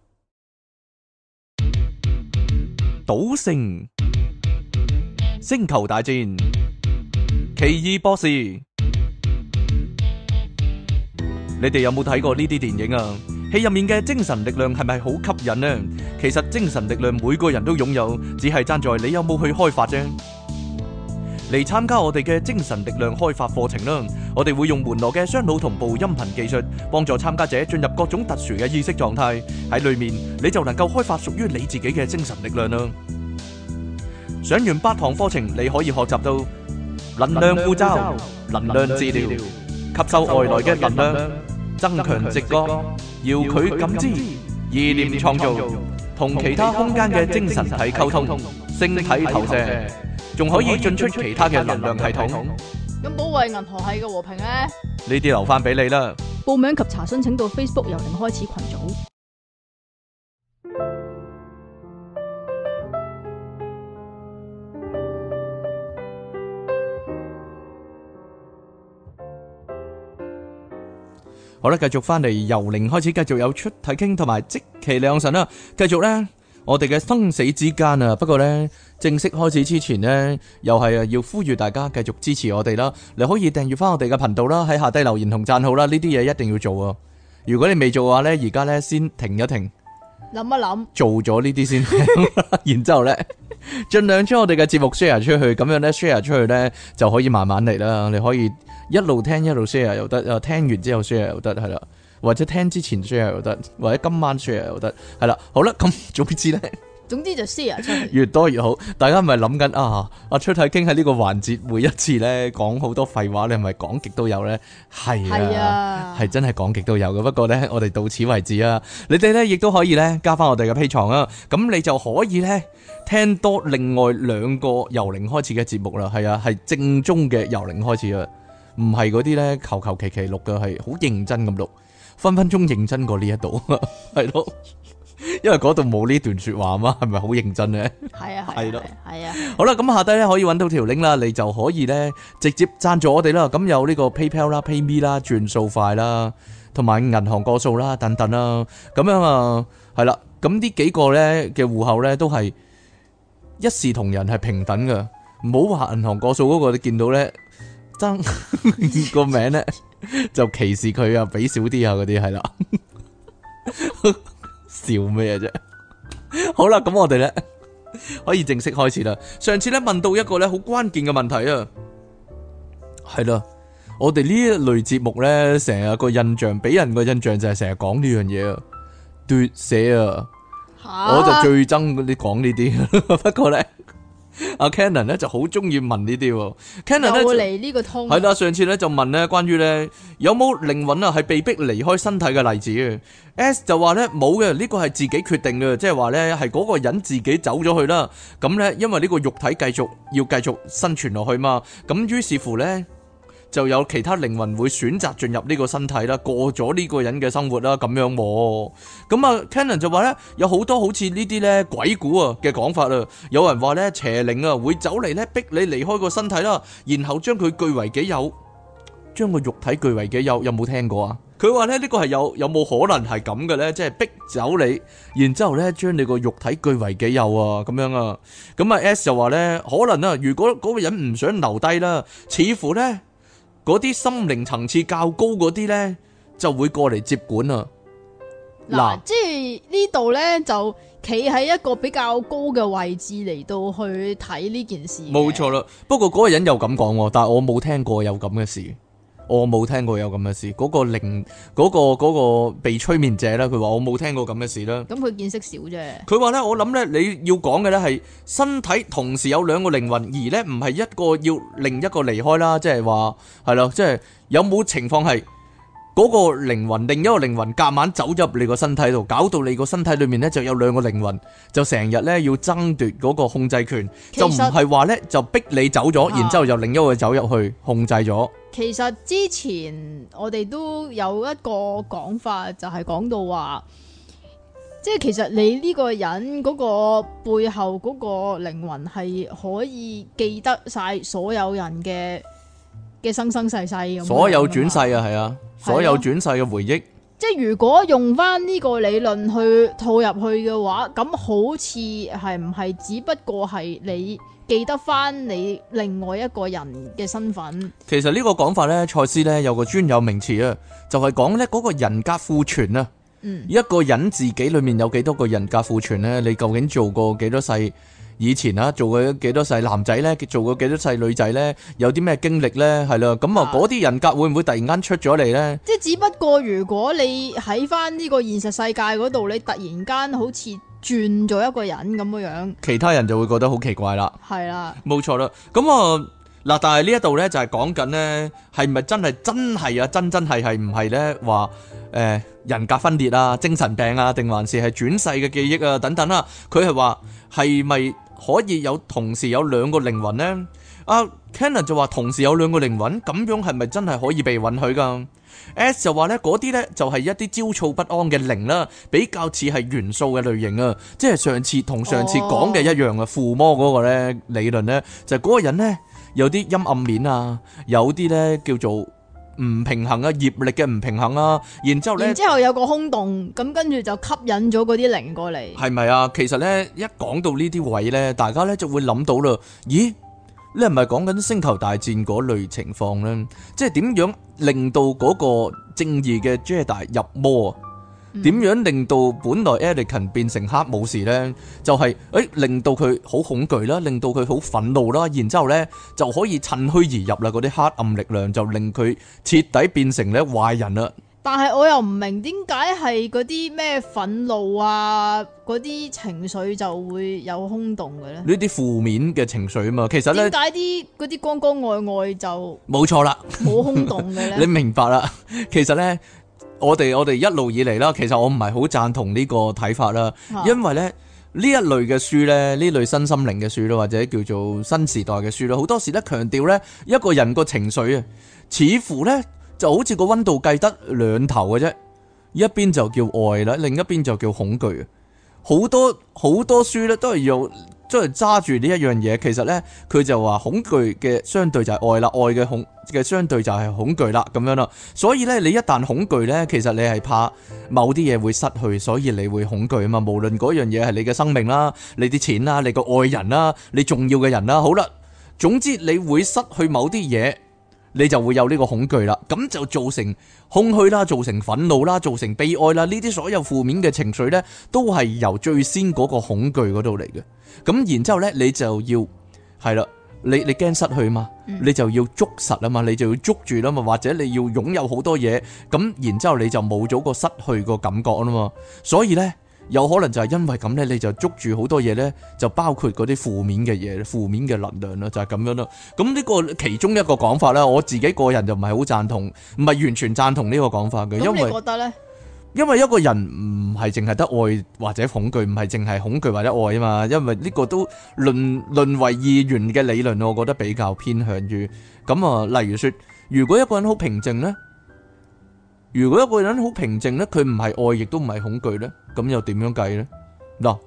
賭聖、星球大戰、奇異博士，你哋有冇睇過呢啲電影啊？戲入面嘅精神力量係咪好吸引呢？其實精神力量每個人都擁有，只係爭在你有冇去開發啫。嚟參加我哋嘅精神力量開發課程啦！我哋會用門羅嘅雙腦同步音頻技術，幫助參加者進入各種特殊嘅意識狀態。喺裏面，你就能夠開發屬於你自己嘅精神力量啦。上完八堂課程，你可以學習到能量護罩、能量治療、吸收外來嘅能量、增強直覺、遙距感知、意念創造、同其他空間嘅精神體溝通、星體投射，仲可以進出其他嘅能量系統。咁保衛銀河系嘅和平咧？呢啲留翻俾你啦。報名及查詢請到 Facebook 由零開始群組。好啦，繼續翻嚟由零開始，繼續有出體傾同埋積其兩神啦。繼續咧，我哋嘅生死之間啊，不過咧。正式開始之前呢，又係啊要呼籲大家繼續支持我哋啦！你可以訂閱翻我哋嘅頻道啦，喺下低留言同讚好啦，呢啲嘢一定要做啊！如果你未做嘅話呢，而家呢，先停一停，諗一諗，做咗呢啲先， 然之後呢，盡量將我哋嘅節目 share 出去，咁樣呢 share 出去呢，就可以慢慢嚟啦。你可以一路聽一路 share 又得，啊聽完之後 share 又得，係啦，或者聽之前 share 又得，或者今晚 share 又得，係啦。好啦，咁總之呢，總之就、啊、s h 出嚟，越多越好。大家咪諗緊啊，阿出太傾喺呢個環節每一次咧講好多廢話，你係咪講極都有呢？係啊，係、啊、真係講極都有嘅。不過呢，我哋到此為止啊。你哋呢亦都可以呢加翻我哋嘅 P 床啊。咁你就可以呢聽多另外兩個由零開始嘅節目啦。係啊，係正宗嘅由零開始啊，唔係嗰啲呢求求其其錄嘅，係好認真咁錄，分分鐘認真過呢一度，係 咯、啊。因為嗰度冇呢段說話嘛，係咪好認真咧？係 啊，係咯，係啊。啊啊啊好啦，咁下低咧可以揾到條 link 啦，你就可以咧直接贊助我哋啦。咁、嗯、有呢個 PayPal 啦 Pay、PayMe 啦、轉數快啦，同埋銀行個數啦等等啦。咁樣啊，係啦。咁、嗯、呢、嗯嗯、幾個咧嘅戶口咧都係一視同仁，係平等嘅。唔好話銀行個數嗰個，你見到咧爭個名咧就歧視佢啊，俾少啲啊嗰啲係啦。 笑咩啫？ 好啦，咁我哋咧 可以正式開始啦。上次咧問到一個咧好關鍵嘅問題啊，係啦，我哋呢一類節目咧成日個印象，俾人個印象就係成日講呢樣嘢，奪舍啊，蛤我就最憎你講呢啲， 不過咧。阿 Cannon 咧就好中意問、哦 Cannon、呢啲喎，Cannon 咧冇嚟呢個通，係啦，上次咧就問咧關於咧有冇靈魂啊係被逼離開身體嘅例子 S 就話咧冇嘅，呢、呢個係自己決定嘅，即係話咧係嗰個人自己走咗去啦，咁咧因為呢個肉體繼續要繼續生存落去嘛，咁於是乎咧。就有其他靈魂會選擇進入呢個身體啦，過咗呢個人嘅生活啦，咁樣喎。咁啊，Canon 就話咧，有好多好似呢啲咧鬼故啊嘅講法啦。有人話咧邪靈啊會走嚟咧逼你離開個身體啦，然後將佢據為己有，將個肉體據為己有，有冇聽過啊？佢話咧呢個係有有冇可能係咁嘅咧？即係逼走你，然之後咧將你個肉體據為己有啊，咁樣啊？咁啊，S 就話咧可能啊，如果嗰個人唔想留低啦，似乎咧。嗰啲心靈層次較高嗰啲咧，就會過嚟接管啊！嗱喏，喏即係呢度咧就企喺一個比較高嘅位置嚟到去睇呢件事。冇錯啦，不過嗰個人又咁講，但係我冇聽過有咁嘅事。我冇聽過有咁嘅事，嗰個靈，嗰個嗰個被催眠者咧，佢話我冇聽過咁嘅事啦。咁佢見識少啫。佢話咧，我諗咧，你要講嘅咧係身體同時有兩個靈魂，而咧唔係一個要另一個離開啦，即係話係咯，即係有冇情況係嗰個靈魂，另一個靈魂夾硬走入你個身體度，搞到你個身體裏面咧就有兩個靈魂，就成日咧要爭奪嗰個控制權，就唔係話咧就逼你走咗，然之後又另一個走入去控制咗。其實之前我哋都有一個講法，就係、是、講到話，即係其實你呢個人嗰個背後嗰個靈魂係可以記得晒所有人嘅嘅生生世世咁。所有轉世啊，係啊，所有轉世嘅回憶。啊、即係如果用翻呢個理論去套入去嘅話，咁好似係唔係只不過係你？記得翻你另外一個人嘅身份。其實呢個講法呢，蔡司呢有個專有名詞啊，就係講呢嗰個人格庫存啊。嗯，一個人自己裏面有幾多個人格庫存呢？你究竟做過幾多世以前啊？做過幾多世男仔呢？做過幾多世女仔呢？有啲咩經歷呢？係咯，咁啊，嗰啲人格會唔會突然間出咗嚟呢？即係、啊、只不過如果你喺翻呢個現實世界嗰度，你突然間好似。轉咗一個人咁嘅樣，其他人就會覺得好奇怪啦是的。係啦，冇錯啦。咁啊嗱，但係呢一度咧就係講緊咧，係咪真係真係啊？真真係係唔係咧？話、欸、誒人格分裂啊，精神病啊，定還是係轉世嘅記憶啊？等等啦、啊，佢係話係咪可以有同時有兩個靈魂咧？阿 Cannon 就話同時有兩個靈魂，咁樣係咪真係可以被允許噶？S 就話呢，嗰啲呢就係一啲焦躁不安嘅靈啦，比較似係元素嘅類型啊，即係上次同上次講嘅一樣啊。附魔嗰個呢理論呢，就嗰個人呢有啲陰暗面啊，有啲呢叫做唔平衡啊，業力嘅唔平衡啊，然之後呢，然之後有個空洞，咁跟住就吸引咗嗰啲靈過嚟，係咪啊？其實呢，一講到呢啲位呢，大家呢就會諗到啦，咦？你係咪講緊星球大戰嗰類情況咧？即係點樣令到嗰個正義嘅 Jedi 入魔？點樣令到本來 Erikon 變成黑武士咧？就係誒，令到佢好恐懼啦，令到佢好憤怒啦，然之後咧就可以趁虛而入啦。嗰啲黑暗力量就令佢徹底變成咧壞人啦。但係我又唔明點解係嗰啲咩憤怒啊，嗰啲情緒就會有空洞嘅咧？呢啲負面嘅情緒啊嘛，其實咧點解啲嗰啲光光愛愛就冇錯啦，冇空洞嘅咧？ 你明白啦，其實咧我哋我哋一路以嚟啦，其實我唔係好贊同呢個睇法，啦因為咧呢一類嘅書咧，呢類新心靈嘅書啦，或者叫做新時代嘅書啦，好多時都強調咧一個人個情緒啊，似乎咧。就好似個溫度計得兩頭嘅啫，一邊就叫愛啦，另一邊就叫恐懼。好多好多書咧都係要即係揸住呢一樣嘢。其實呢，佢就話恐懼嘅相對就係愛啦，愛嘅恐嘅相對就係恐懼啦，咁樣啦。所以呢，你一旦恐懼呢，其實你係怕某啲嘢會失去，所以你會恐懼啊嘛。無論嗰樣嘢係你嘅生命啦，你啲錢啦，你個愛人啦，你重要嘅人啦，好啦，總之你會失去某啲嘢。你就會有呢個恐懼啦，咁就造成空虛啦，造成憤怒啦，造成悲哀啦，呢啲所有負面嘅情緒呢，都係由最先嗰個恐懼嗰度嚟嘅。咁然之後呢，你就要係啦，你你驚失去嘛，你就要捉實啊嘛，你就要捉住啦嘛，或者你要擁有好多嘢，咁然之後你就冇咗個失去個感覺啦嘛，所以呢。有可能就係因為咁咧，你就捉住好多嘢咧，就包括嗰啲負面嘅嘢，負面嘅能量咯，就係咁樣咯。咁呢個其中一個講法咧，我自己個人就唔係好贊同，唔係完全贊同呢個講法嘅。咁你覺得咧？因為一個人唔係淨係得愛或者恐懼，唔係淨係恐懼或者愛啊嘛。因為呢個都淪淪為二元嘅理論，我覺得比較偏向於咁啊、呃。例如說，如果一個人好平靜咧。如果一個人好平靜咧，佢唔係愛亦都唔係恐懼咧，咁又點樣計咧？嗱，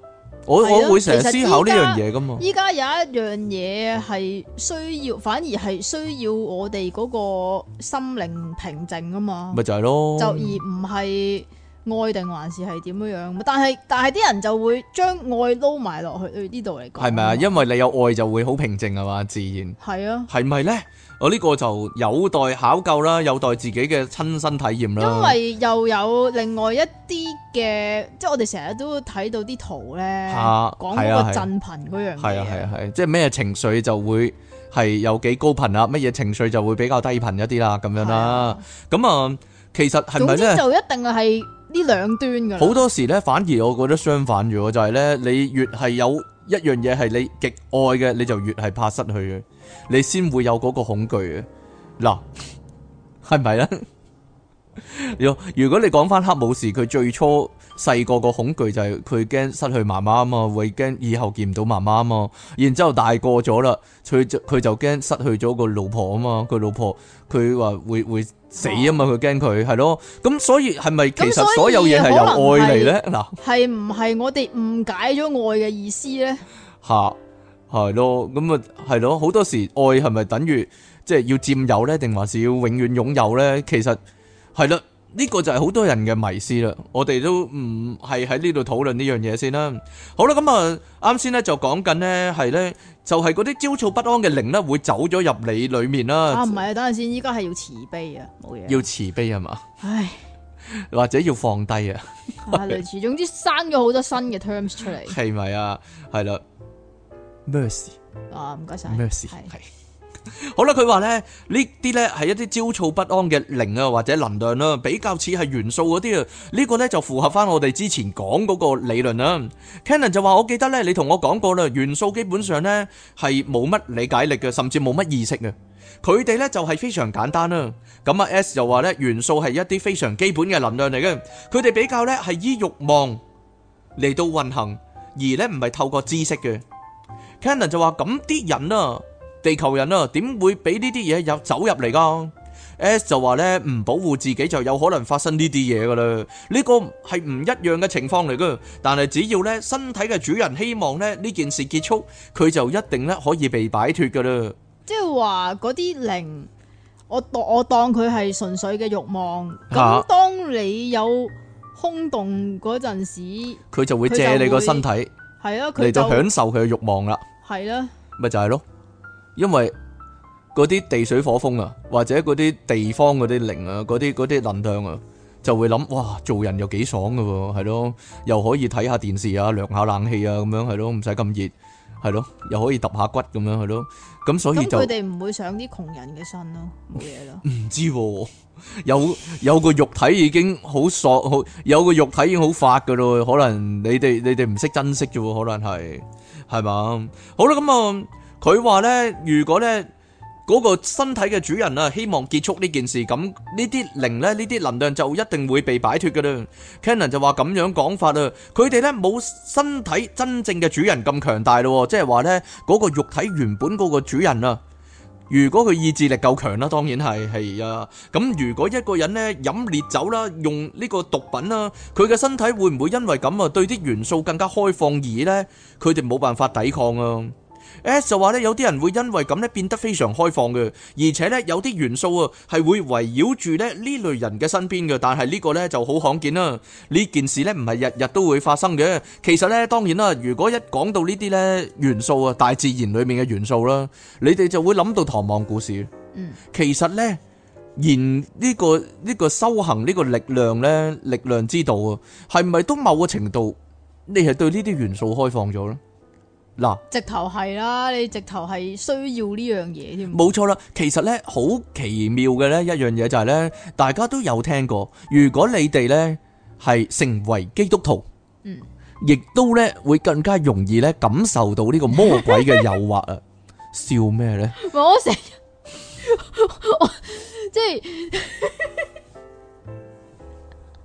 我我會成日思考呢樣嘢噶嘛。依家有一樣嘢係需要，反而係需要我哋嗰個心靈平靜啊嘛。咪就係咯，就而唔係愛定還是係點樣樣？但係但係啲人就會將愛撈埋落去呢度嚟講。係咪啊？因為你有愛就會好平靜啊嘛，自然。係啊。係唔係咧？我呢個就有待考究啦，有待自己嘅親身體驗啦。因為又有另外一啲嘅，即係我哋成日都睇到啲圖咧，講個振頻嗰樣嘢。係啊係啊係、啊啊啊啊啊啊，即係咩情緒就會係有幾高頻啦，乜嘢情緒就會比較低頻一啲啦，咁樣啦。咁啊、嗯，其實係咪咧？總之就一定係呢兩端㗎。好多時咧，反而我覺得相反咗，就係咧，你越係有，一樣嘢係你極愛嘅，你就越係怕失去嘅，你先會有嗰個恐懼嘅。嗱，係咪係咧？ 如果你講翻黑武士，佢最初。細個個恐懼就係佢驚失去媽媽啊嘛，會驚以後見唔到媽媽啊嘛。然之後大個咗啦，佢就佢就驚失去咗個老婆啊嘛。佢老婆佢話會會死啊嘛，佢驚佢係咯。咁所以係咪其實所，以所有嘢係由愛嚟咧？嗱，係唔係我哋誤解咗愛嘅意思咧？吓、 啊，係咯。咁啊，係咯。好多時愛係咪等於即係要佔有咧，定還是要永遠擁有咧？其實係咯。呢個就係好多人嘅迷思啦，我哋都唔係喺呢度討論呢樣嘢先啦。好啦，咁、嗯、啊，啱先咧就講緊呢，係咧，就係嗰啲焦躁不安嘅靈咧會走咗入你裏面啦。啊，唔係、啊，等陣先，依家係要慈悲啊，冇嘢。要慈悲係、啊、嘛？唉， 或者要放低啊。類似，總之生咗好多新嘅 terms 出嚟，係咪 啊？係啦 Mercy？Mercy, 啊，唔該晒 Mercy？r 係。Mercy, 是好啦，佢話呢呢啲呢係一啲焦躁不安嘅靈啊或者能量啦、啊，比較似係元素嗰啲啊。呢、呢個呢就符合翻我哋之前講嗰個理論啦、啊。Cannon 就話，我記得呢，你同我講過啦，元素基本上呢係冇乜理解力嘅，甚至冇乜意識嘅。佢哋呢就係、是、非常簡單啦、啊。咁啊 S 就話呢元素係一啲非常基本嘅能量嚟嘅，佢哋比較呢係依欲望嚟到運行，而呢唔係透過知識嘅。Cannon 就話咁啲人啊。地球人啊，點會俾呢啲嘢又走入嚟噶？S 就話咧，唔保護自己就有可能發生呢啲嘢噶啦。呢個係唔一樣嘅情況嚟噶，但係只要咧身體嘅主人希望咧呢件事結束，佢就一定咧可以被擺脱噶啦。即係話嗰啲靈，我當我當佢係純粹嘅欲望。咁當你有空洞嗰陣時，佢就會借你個身體，係啊，你就享受佢嘅欲望啦。係啦，咪就係咯。因為嗰啲地水火風啊，或者嗰啲地方嗰啲靈啊，嗰啲啲能量啊，就會諗哇，做人又幾爽噶喎、啊，係咯，又可以睇下電視啊，涼下冷氣啊，咁樣係咯，唔使咁熱，係咯，又可以揼下骨咁樣係咯，咁、嗯、所以就咁佢哋唔會上啲窮人嘅身咯、啊，冇嘢啦。唔知喎、啊，有有個肉體已經好索，好有個肉體已經好發噶咯，可能你哋你哋唔識珍惜啫，可能係係嘛，好啦咁啊。佢話咧，如果咧嗰個身體嘅主人啊，希望結束呢件事，咁呢啲靈咧，呢啲能量就一定會被擺脱嘅咧。Cannon 就話咁樣講法啊，佢哋咧冇身體真正嘅主人咁強大咯，即係話咧嗰個肉體原本嗰個主人啊。如果佢意志力夠強啦，當然係係啊。咁如果一個人咧飲烈酒啦，用呢個毒品啦，佢嘅身體會唔會因為咁啊對啲元素更加開放而咧，佢哋冇辦法抵抗啊？S, S 就話咧，有啲人會因為咁咧變得非常開放嘅，而且咧有啲元素啊係會圍繞住咧呢類人嘅身邊嘅，但係呢個咧就好罕見啦。呢件事咧唔係日日都會發生嘅。其實咧，當然啦，如果一講到呢啲咧元素啊，大自然裏面嘅元素啦，你哋就會諗到唐望故事。嗯，其實咧，然、呢、這個呢、這個修行呢個力量咧，力量之道啊，係咪都某個程度你係對呢啲元素開放咗咧？嗱，直頭係啦，你直頭係需要呢樣嘢添。冇錯啦，其實咧，好奇妙嘅咧，一樣嘢就係咧，大家都有聽過。如果你哋咧係成為基督徒，嗯，亦都咧會更加容易咧感受到呢個魔鬼嘅誘惑啊！笑咩咧？我成日，我即係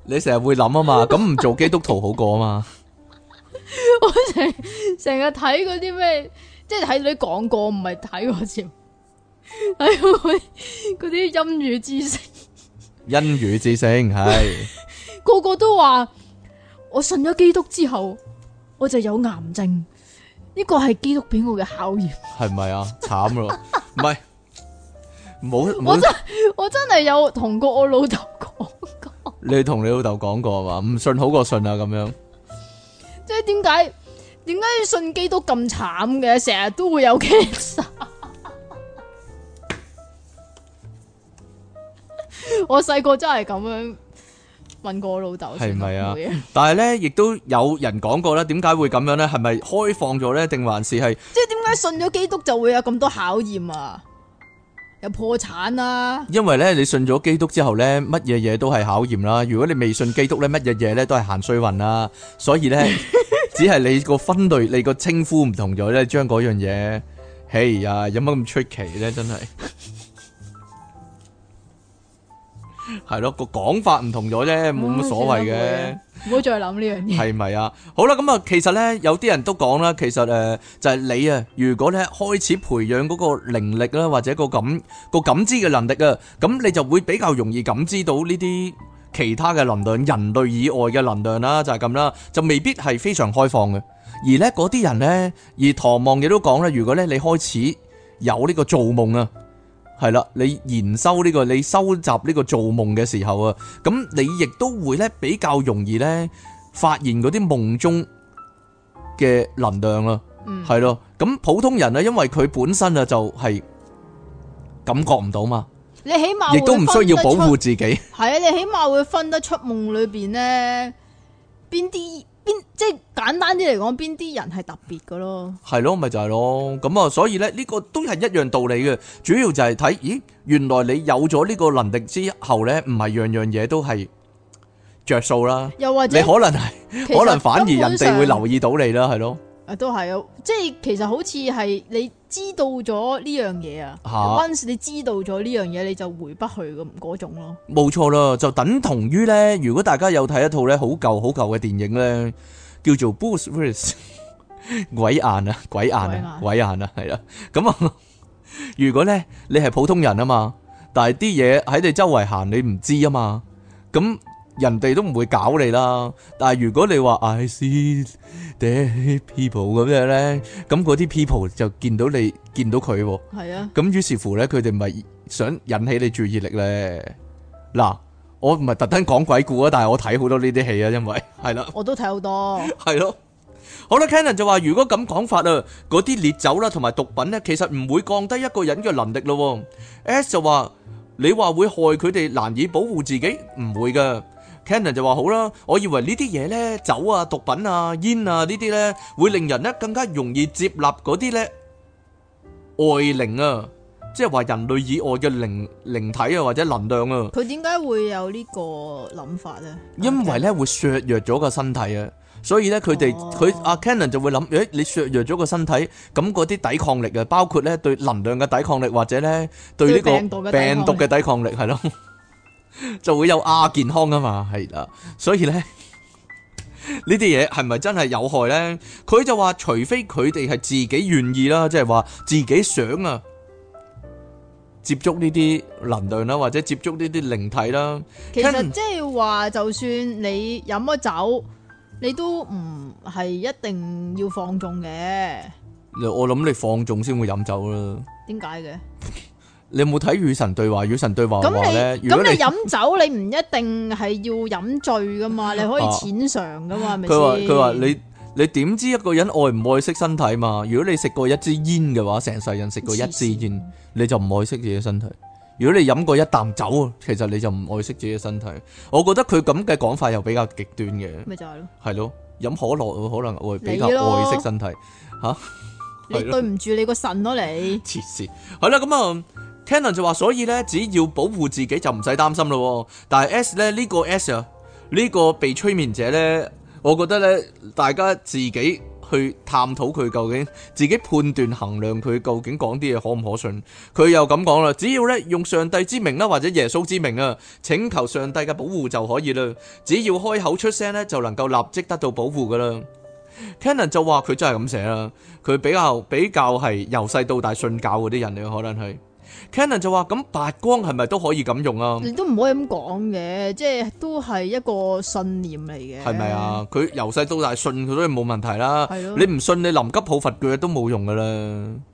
你成日會諗啊嘛，咁唔做基督徒好過啊嘛。我成成日睇嗰啲咩，即係睇你講過，唔係睇我潮睇嗰啲音語之聲。音語之聲係，個個都話，我信咗基督之後，我就有癌症，呢個係基督俾我嘅考驗，係咪啊？慘咯，唔係， 冇，我真我真係有同過我老豆講過，你同你老豆講過係嘛？唔信好過信啊，咁樣。點解點解信基督咁慘嘅？成日都會有 case。我細個真係咁樣問過我老豆，係咪啊？但係咧，亦都有人講過咧，點解會咁樣咧？係咪開放咗咧？定還是係即係點解信咗基督就會有咁多考驗啊？有破產啊？因為咧，你信咗基督之後咧，乜嘢嘢都係考驗啦。如果你未信基督咧，乜嘢嘢咧都係行衰運啦。所以咧。只係你個分類，你個稱呼唔同咗咧，將嗰樣嘢，嘿呀，有乜咁出奇咧？真係 ，係咯，個講法唔同咗啫，冇乜所謂嘅，唔好 再諗呢樣嘢。係咪啊？好啦，咁啊，其實咧，有啲人都講啦，其實誒，就係、是、你啊，如果咧開始培養嗰個靈力啦，或者個感、個感知嘅能力啊，咁你就會比較容易感知到呢啲。其他嘅能量，人類以外嘅能量啦，就係咁啦，就未必係非常開放嘅。而咧嗰啲人咧，而唐望亦都講啦，如果咧你開始有呢個造夢啊，係啦，你研修呢個，你收集呢個造夢嘅時候啊，咁你亦都會咧比較容易咧發現嗰啲夢中嘅能量啦，係咯、嗯。咁普通人咧，因為佢本身啊就係感覺唔到嘛。你起碼亦都唔需要保護自己，係啊！你起碼會分得出夢裏邊呢，邊啲邊即係簡單啲嚟講，邊啲人係特別噶咯。係咯，咪就係咯。咁啊，所以咧呢個都係一樣道理嘅。主要就係睇，咦，原來你有咗呢個能力之後呢，唔係樣樣嘢都係着數啦。又或者你可能係，可能反而人哋會留意到你啦，係咯。啊，都係啊，即係其實好似係你。知道咗呢樣嘢啊 once 你知道咗呢樣嘢，你就回不去咁嗰種咯。冇錯啦，就等同於咧，如果大家有睇一套咧好舊好舊嘅電影咧，叫做《Bruce Willis》 鬼眼啊，鬼眼啊，鬼眼啊，係啦。咁啊，啊 如果咧你係普通人啊嘛，但係啲嘢喺你周圍行你唔知啊嘛，咁。人哋都唔會搞你啦，但係如果你話 I see dead people 咁樣咧，咁嗰啲 people 就見到你，見到佢喎。係啊，咁於是乎咧，佢哋咪想引起你注意力咧。嗱，我唔係特登講鬼故啊，但係我睇好多呢啲戲啊，因為係啦，我都睇好多。係咯，好啦，Cannon 就話：如果咁講法啊，嗰啲烈酒啦同埋毒品咧，其實唔會降低一個人嘅能力咯。S 就話：你話會害佢哋難以保護自己，唔會㗎。Kenan 就話，好啦，我以為呢啲嘢咧，酒啊、毒品啊、煙啊呢啲咧，會令人咧更加容易接納嗰啲咧外靈啊，即係話人類以外嘅靈靈體啊，或者能量啊。佢點解會有呢個諗法咧？因為咧會削弱咗個身體啊，所以咧佢哋佢阿 Kenan 就會諗，誒，你削弱咗個身體，咁嗰啲抵抗力啊，包括咧對能量嘅抵抗力，或者咧對呢個病毒嘅抵抗力，係咯。 就會有亞健康啊嘛，係啦，所以咧呢啲嘢係咪真係有害咧？佢就話除非佢哋係自己願意啦，即係話自己想啊，接觸呢啲能量啦，或者接觸呢啲靈體啦。其實即係話，就算你飲咗酒，你都唔係一定要放縱嘅。我諗你放縱先會飲酒啦。點解嘅？你有冇睇《與神對話》？《與神對話》話咧，咁你飲酒你唔一定係要飲醉噶嘛，你可以淺嘗噶嘛，係咪先？佢話佢話你你點知一個人愛唔愛惜身體嘛？如果你食過一支煙嘅話，成世人食過一支煙，你就唔愛惜自己身體；如果你飲過一啖酒，其實你就唔愛惜自己身體。我覺得佢咁嘅講法又比較極端嘅，咪就係咯，係咯，飲可樂可能會比較愛惜身體，吓你對唔住你個腎咯，你黐線，係啦，咁啊。Canon 就話：所以咧，只要保護自己就唔使擔心咯。但係 S 咧呢個 S 啊，呢個被催眠者咧，我覺得咧，大家自己去探討佢究竟，自己判斷衡量佢究竟講啲嘢可唔可信。佢又咁講啦，只要咧用上帝之名啦，或者耶穌之名啊，請求上帝嘅保護就可以啦。只要開口出聲咧，就能夠立即得到保護噶啦。Canon 就話：佢真係咁寫啦，佢比較比較係由細到大信教嗰啲人嚟，可能係。Canon 就話：咁白光係咪都可以咁用啊？你都唔可以咁講嘅，即係都係一個信念嚟嘅。係咪啊？佢由細到大信佢，都係冇問題啦。係咯的，你唔信你臨急抱佛腳都冇用㗎啦。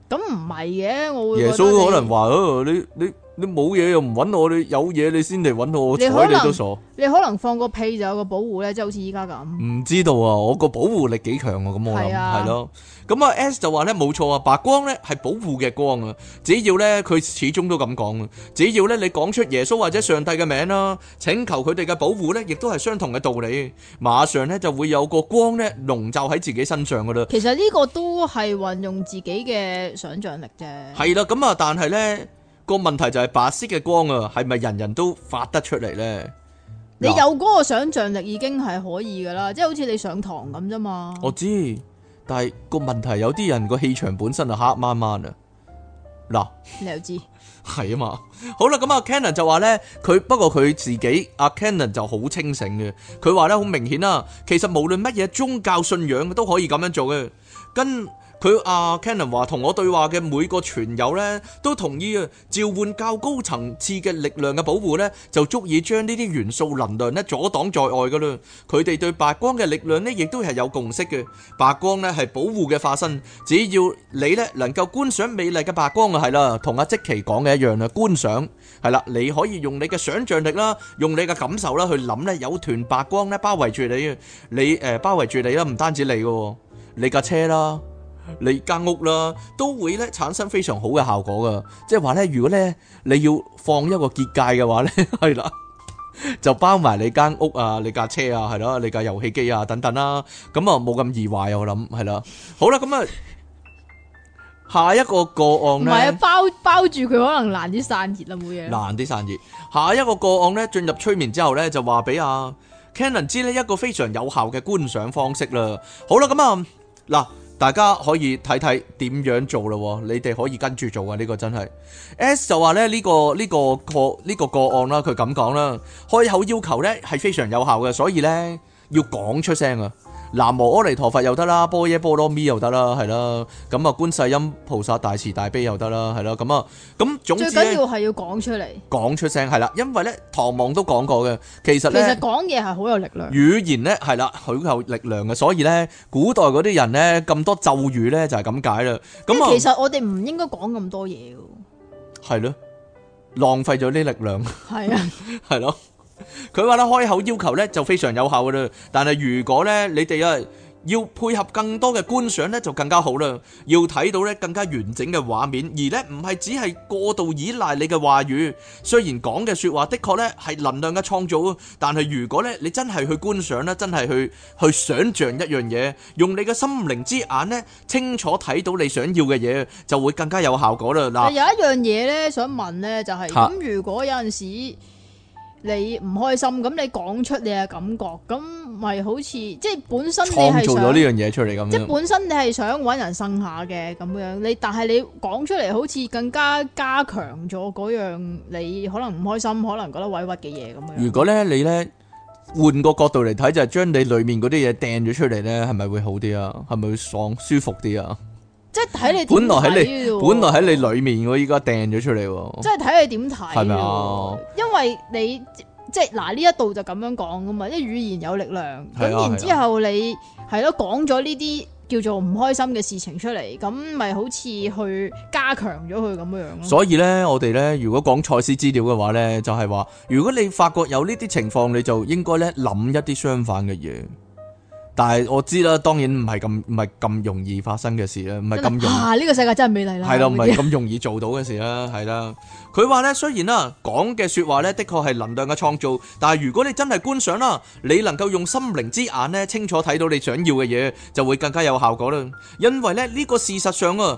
咁唔係嘅，我會。耶穌可能話：啊，你你你冇嘢又唔揾我，你有嘢你先嚟揾我，我睬你都傻。你可能放個屁就有個保護咧，即係好似依家咁。唔知道啊，我個保護力幾強啊？咁我諗係咯。的咁啊，S 就話咧冇錯啊，白光咧係保護嘅光啊，只要咧佢始終都咁講啊，只要咧你講出耶穌或者上帝嘅名啦，請求佢哋嘅保護咧，亦都係相同嘅道理，馬上咧就會有個光咧籠罩喺自己身上噶啦。其實呢個都係運用自己嘅想象力啫。係啦，咁啊，但係咧個問題就係白色嘅光啊，係咪人人都發得出嚟咧？你有嗰個想象力已經係可以噶啦，即係好似你上堂咁啫嘛。我知。但係個問題，有啲人個氣場本身就黑掹掹啊，嗱，你又知係啊 嘛？好啦，咁啊，Cannon 就話咧，佢不過佢自己阿 Cannon 就好清醒嘅，佢話咧好明顯啊，其實無論乜嘢宗教信仰都可以咁樣做嘅，跟。佢阿 Canon 話：同我對話嘅每個傳友咧，都同意召喚較高層次嘅力量嘅保護咧，就足以將呢啲元素能量咧阻擋在外噶啦。佢哋對白光嘅力量咧，亦都係有共識嘅。白光咧係保護嘅化身，只要你咧能夠觀賞美麗嘅白光啊，係啦，同阿積奇講嘅一樣啦。觀賞係啦，你可以用你嘅想像力啦，用你嘅感受啦去諗咧，有團白光咧包圍住你，你誒包圍住你啦，唔單止你嘅喎，你架車啦。你間屋啦，啊，都會咧產生非常好嘅效果噶。即係話咧，如果咧你要放一個結界嘅話咧，係 啦，就包埋你間屋啊，你架車啊，係咯，你架遊戲機啊等等啦。咁啊，冇咁易壞啊，我諗係啦。好啦，咁，嗯、啊，下一個個案咧，唔係啊，包包住佢可能難啲散熱啦，冇嘢。難啲散熱。下一個個案咧，進入催眠之後咧，就話俾阿，啊、Canon 知呢一個非常有效嘅觀賞方式啦。好啦，咁啊嗱。嗯大家可以睇睇點樣做咯，你哋可以跟住做啊！呢個真係，S 就話咧呢個呢個個呢個個案啦，佢咁講啦，開口要求咧係非常有效嘅，所以咧要講出聲啊！南無阿彌陀佛又得啦，波耶波羅蜜又得啦，係啦，咁啊觀世音菩薩大慈大悲又得啦，係啦，咁啊，咁總之最緊要係要講出嚟，講出聲係啦，因為咧唐望都講過嘅，其實咧其實講嘢係好有力量，語言咧係啦，好有力量嘅，所以咧古代嗰啲人咧咁多咒語咧就係咁解啦。咁其實我哋唔應該講咁多嘢，係咯，浪費咗啲力量，係啊，係咯。佢話咧開口要求咧就非常有效噶啦，但係如果咧你哋啊要配合更多嘅觀賞咧就更加好啦，要睇到咧更加完整嘅畫面，而咧唔係只係過度依賴你嘅話語。雖然講嘅說話的確咧係能量嘅創造，但係如果咧你真係去觀賞咧，真係去去想象一樣嘢，用你嘅心靈之眼咧清楚睇到你想要嘅嘢，就會更加有效果啦。嗱，有一樣嘢咧想問咧就係、是、咁，哈如果有陣時。你唔開心，咁你講出你嘅感覺，咁咪好似即係本身你係創造咗呢樣嘢出嚟咁。即係本身你係想搵人生下嘅咁樣，你但係你講出嚟好似更加加強咗嗰樣你可能唔開心，可能覺得委屈嘅嘢咁樣。如果咧你咧換個角度嚟睇，就係將你裡面嗰啲嘢掟咗出嚟咧，係咪會好啲啊？係咪會爽舒服啲啊？即係睇你，你，啊、本來喺你，本來喺你裡面，我依家掟咗出嚟。即係睇你點睇？係咪啊？因為你即係嗱，呢一度就咁樣講噶嘛，即係、啊、語言有力量。咁、啊、然之後你係咯，講咗呢啲叫做唔開心嘅事情出嚟，咁咪好似去加強咗佢咁樣咯。所以咧，我哋咧，如果講賽斯資料嘅話咧，就係話，如果你發覺有呢啲情況，你就應該咧諗一啲相反嘅嘢。但係我知啦，當然唔係咁唔係咁容易發生嘅事啦，唔係咁容。啊，呢個世界真係美麗啦。係啦，唔係咁容易做到嘅事啦，係啦。佢話咧，雖然啦，講嘅説話咧，的確係能量嘅創造，但係如果你真係觀想啦，你能夠用心靈之眼咧，清楚睇到你想要嘅嘢，就會更加有效果啦。因為咧，呢個事實上啊，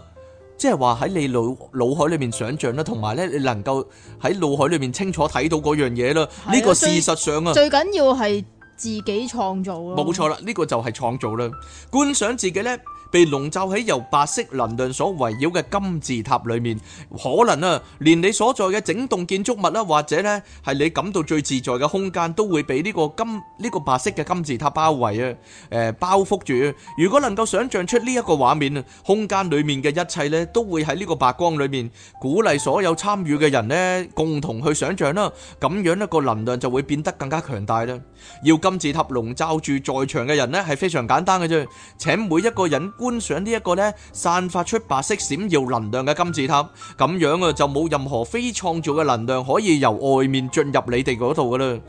即係話喺你腦腦海裏面想象啦，同埋咧，你能夠喺腦海裏面清楚睇到嗰樣嘢啦。呢個事實上啊，最緊要係。自己創造咯，冇錯啦，呢個就係創造啦。觀賞自己咧。被籠罩喺由白色能量所圍繞嘅金字塔裏面，可能啊，連你所在嘅整棟建築物啦，或者呢係你感到最自在嘅空間，都會被呢個金呢個白色嘅金字塔包圍啊！誒，包覆住。如果能夠想象出呢一個畫面啊，空間裏面嘅一切呢，都會喺呢個白光裏面鼓勵所有參與嘅人呢，共同去想象啦。咁樣呢個能量就會變得更加強大啦。要金字塔籠罩住在場嘅人呢，係非常簡單嘅啫，請每一個人。觀想呢一個咧，散發出白色閃耀能量嘅金字塔。咁樣啊就冇任何非創造嘅能量可以由外面進入你哋嗰度㗎喇。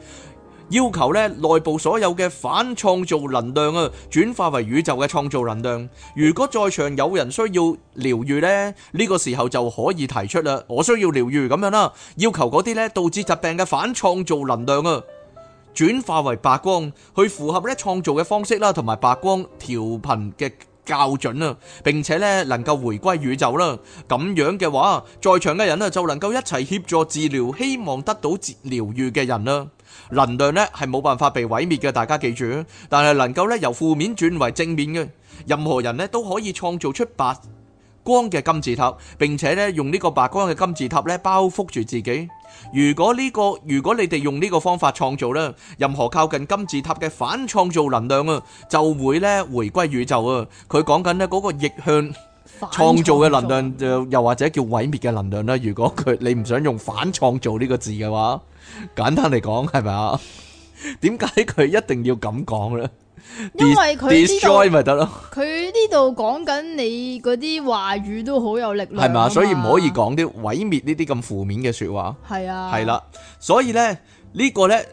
要求咧，內部所有嘅反創造能量啊，轉化為宇宙嘅創造能量。如果在場有人需要療癒咧，呢個時候就可以提出啦。我需要療癒咁樣啦。要求嗰啲咧，導致疾病嘅反創造能量啊，轉化為白光去符合咧，創造嘅方式啦，同埋白光調頻嘅校準啦，並且咧能夠回歸宇宙啦，咁樣嘅話，在場嘅人啊就能夠一齊協助治療，希望得到治療愈嘅人啦。能量咧係冇辦法被毀滅嘅，大家記住，但係能夠咧由負面轉為正面嘅，任何人咧都可以創造出白光嘅金字塔，並且咧用呢個白光嘅金字塔咧包覆住自己。如果呢個，如果你哋用呢個方法創造啦，任何靠近金字塔嘅反創造能量啊，就會呢回歸宇宙啊。佢講緊呢嗰個逆向創造嘅能量就又或者叫毀滅嘅能量啦。如果佢你唔想用反創造呢個字嘅話，簡單嚟講係咪啊？點解佢一定要咁講呢？因為佢呢度咪得咯，佢呢度講緊你嗰啲話語都好有力量，係嘛，所以唔可以講啲毀滅呢啲咁負面嘅說話，係是啊，係啦，所以咧呢、這個咧。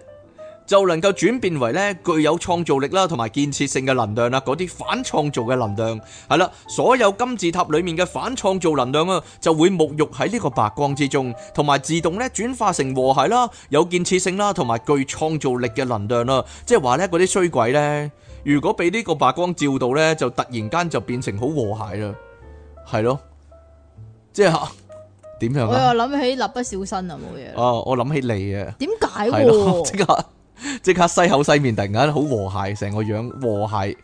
就能夠轉變為咧具有創造力啦，同埋建設性嘅能量啦，嗰啲反創造嘅能量係啦，所有金字塔裏面嘅反創造能量啊，就會沐浴喺呢個白光之中，同埋自動咧轉化成和諧啦，有建設性啦，同埋具創造力嘅能量啦，即係話咧嗰啲衰鬼咧，如果俾呢個白光照到咧，就突然間就變成好和諧啦，係咯，即係點樣啊？我又諗起蠟筆小新啊，冇嘢。哦，我諗起你啊。點解？即刻。即刻西口西面，突然間好和諧，成個樣和諧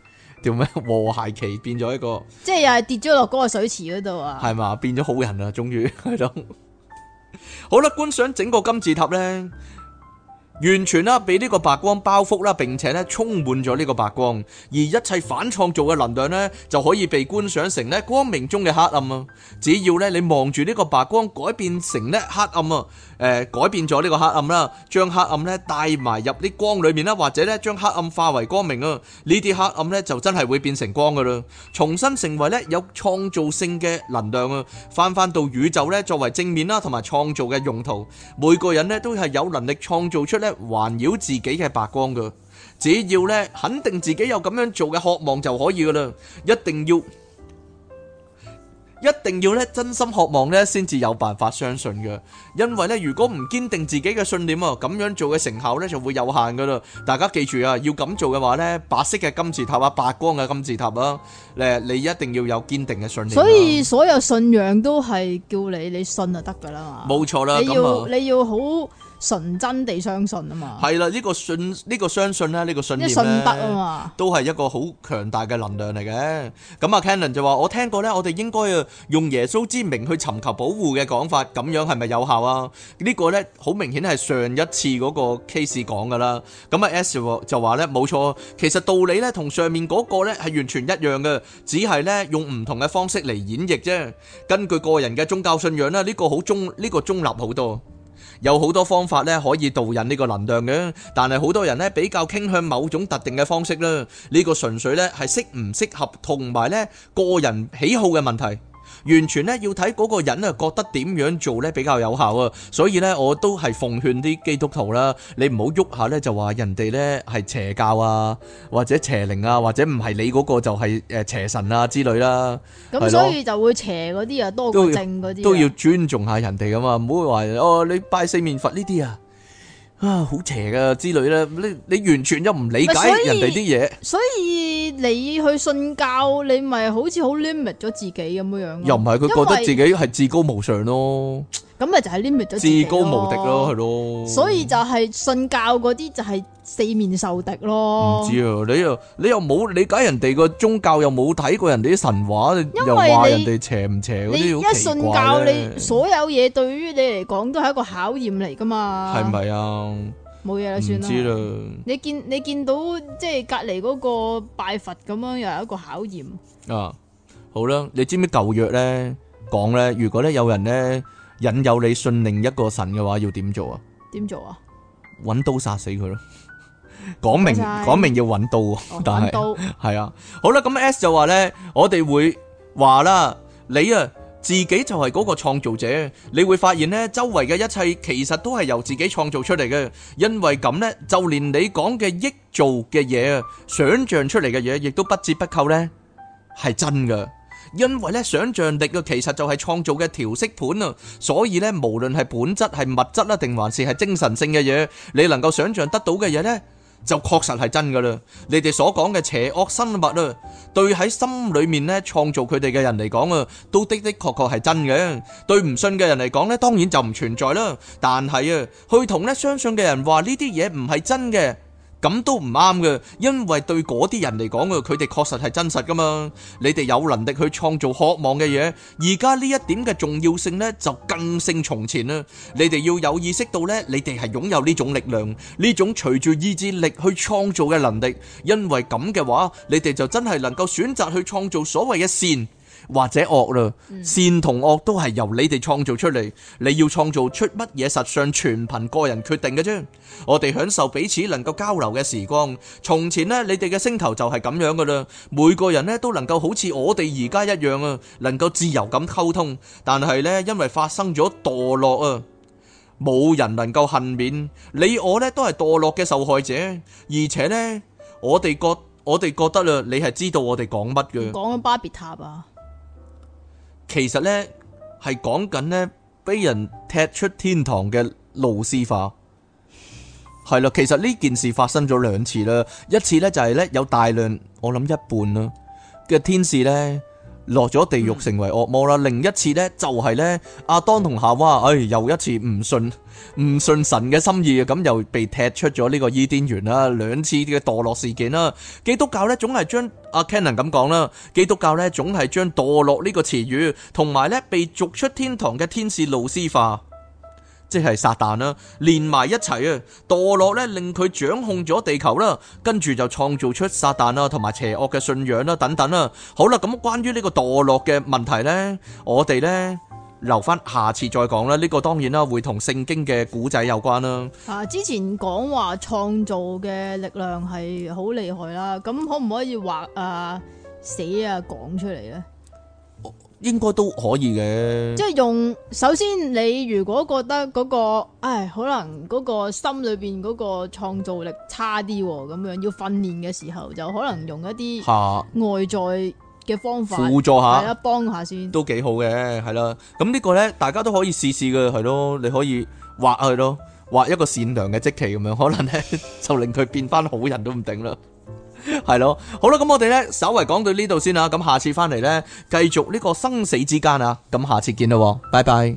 叫咩？和諧期變咗一個，即係又係跌咗落嗰個水池嗰度啊！係嘛，變咗好人啊，終於嗰種。 好啦，觀賞整個金字塔呢，完全啦，俾呢個白光包覆啦，並且呢充滿咗呢個白光，而一切反創造嘅能量呢，就可以被觀賞成呢光明中嘅黑暗啊！只要呢，你望住呢個白光，改變成呢黑暗啊！誒，改變咗呢個黑暗啦，將黑暗咧帶埋入啲光裏面啦，或者咧將黑暗化為光明啊！呢啲黑暗咧就真係會變成光噶啦，重新成為咧有創造性嘅能量啊，返返到宇宙咧作為正面啦，同埋創造嘅用途。每個人咧都係有能力創造出咧環繞自己嘅白光噶，只要咧肯定自己有咁樣做嘅渴望就可以噶啦，一定要。一定要咧，真心渴望咧，先至有辦法相信嘅。因為咧，如果唔堅定自己嘅信念啊，咁樣做嘅成效咧就會有限噶啦。大家記住啊，要咁做嘅話咧，白色嘅金字塔啊，白光嘅金字塔啊，誒，你一定要有堅定嘅信念。所以所有信仰都係叫你你信就得噶啦嘛。冇錯啦，你要、啊、你要好。純真地相信啊嘛，係啦，呢、這個信，呢、這個相信咧，呢、這個信念咧，信德嘛都係一個好強大嘅能量嚟嘅。咁啊 Cannon 就話：我聽過呢，我哋應該啊用耶穌之名去尋求保護嘅講法，咁樣係咪有效啊？呢、這個呢，好明顯係上一次嗰個 case 講噶啦。咁啊，S 就話呢冇錯，其實道理呢同上面嗰個咧係完全一樣嘅，只係呢用唔同嘅方式嚟演繹啫。根據個人嘅宗教信仰呢，呢、這個好中呢、這個中立好多。有好多方法咧可以導引呢個能量嘅，但係好多人咧比較傾向某種特定嘅方式啦。呢個純粹咧係適唔適合同埋咧個人喜好嘅問題。完全咧要睇嗰個人咧覺得點樣做咧比較有效啊！所以咧我都係奉勸啲基督徒啦，你唔好喐下咧就話人哋咧係邪教啊，或者邪靈啊，或者唔係你嗰個就係誒邪神啊之類啦。咁、嗯、係咯，所以就會邪嗰啲啊多過正嗰啲。都要尊重下人哋噶嘛，唔好話哦你拜四面佛呢啲啊。啊，好邪噶，啊、之類咧，你你完全又唔理解人哋啲嘢，所以你去信教，你咪好似好 limit 咗自己咁樣。又唔係佢覺得自己係至高無上咯，啊。咁咪就係 limit 咗至高無敵咯，係咯。所以就係信教嗰啲就係四面受敵咯。唔知啊，你又你又冇理解人哋個宗教，又冇睇過人哋啲神話，因為又話人哋邪唔邪嗰啲好奇怪嘅。你一信教，你所有嘢對於你嚟講都係一個考驗嚟噶嘛？係咪啊？冇嘢啦，算啦。唔知啦。你見你見到即係隔離嗰個拜佛咁樣又係一個考驗啊。好啦，你知唔知舊約咧講咧？如果咧有人咧。引誘你信另一個神嘅話，要點做，做啊？點做啊？揾刀殺死佢咯！講明講明要揾刀，但係刀係啊，好啦，咁 S 就話呢：「我哋會話啦，你啊自己就係嗰個創造者，你會發現呢，周圍嘅一切其實都係由自己創造出嚟嘅，因為咁呢，就連你講嘅臆造嘅嘢、想象出嚟嘅嘢，亦都不折不扣呢，係真嘅。因為咧，想象力嘅其實就係創造嘅調色盤啊，所以咧，無論係本質係物質啦，定還是係精神性嘅嘢，你能夠想象得到嘅嘢咧，就確實係真㗎啦。你哋所講嘅邪惡生物啊，對喺心裏面咧，創造佢哋嘅人嚟講啊，都的的確確係真嘅。對唔信嘅人嚟講咧，當然就唔存在啦。但係啊，去同咧相信嘅人話呢啲嘢唔係真嘅。咁都唔啱嘅，因為對嗰啲人嚟講，佢佢哋確實係真實噶嘛。你哋有能力去創造渴望嘅嘢，而家呢一點嘅重要性呢，就更勝從前啦。你哋要有意識到呢，你哋係擁有呢種力量，呢種隨住意志力去創造嘅能力。因為咁嘅話，你哋就真係能夠選擇去創造所謂嘅善。或者惡嘞，善同惡都係由你哋創造出嚟。你要創造出乜嘢實相，全憑個人決定嘅啫。我哋享受彼此能夠交流嘅時光。從前咧，你哋嘅星球就係咁樣噶啦。每個人咧都能夠好似我哋而家一樣啊，能夠自由咁溝通。但係咧，因為發生咗墮落啊，冇人能夠幸免。你我咧都係墮落嘅受害者，而且咧我哋覺我哋覺得啦，你係知道我哋講乜嘅。講緊巴別塔啊！其實呢，係講緊呢，俾人踢出天堂嘅路西法，係啦。其實呢件事發生咗兩次啦，一次呢，就係、是、呢，有大量我諗一半啦嘅天使呢。落咗地獄成為惡魔啦，另一次呢，就係呢，阿當同夏娃，唉、哎，又一次唔信唔信神嘅心意啊，咁又被踢出咗呢個伊甸園啦，兩次嘅墮落事件啦，基督教呢總係將阿 Cannon 咁講啦，基督教呢總係將墮落呢個詞語同埋呢被逐出天堂嘅天使路斯化。即係撒旦啦，連埋一齊啊，墮落咧，令佢掌控咗地球啦，跟住就創造出撒旦啦，同埋邪惡嘅信仰啦，等等啦。好啦，咁關於呢個墮落嘅問題咧，我哋咧留翻下次再講啦。呢個當然啦，會同聖經嘅古仔有關啦。啊，之前講話創造嘅力量係好厲害啦，咁可唔可以畫啊、寫啊、講出嚟咧？應該都可以嘅，即係用，首先你如果覺得嗰個，唉，可能嗰個心裏邊嗰個創造力差啲，咁樣要訓練嘅時候，就可能用一啲外在嘅方法輔助下，係啦，幫下先，都幾好嘅，係啦。咁呢個咧，大家都可以試試嘅，係咯，你可以畫佢咯，畫一個善良嘅積奇，咁樣可能咧就令佢變翻好人都，都唔定啦。係咯，好啦，咁我哋呢，稍為講到呢度先啦。咁下次翻嚟呢，繼續呢個生死之間啊。咁下次見啦，拜拜。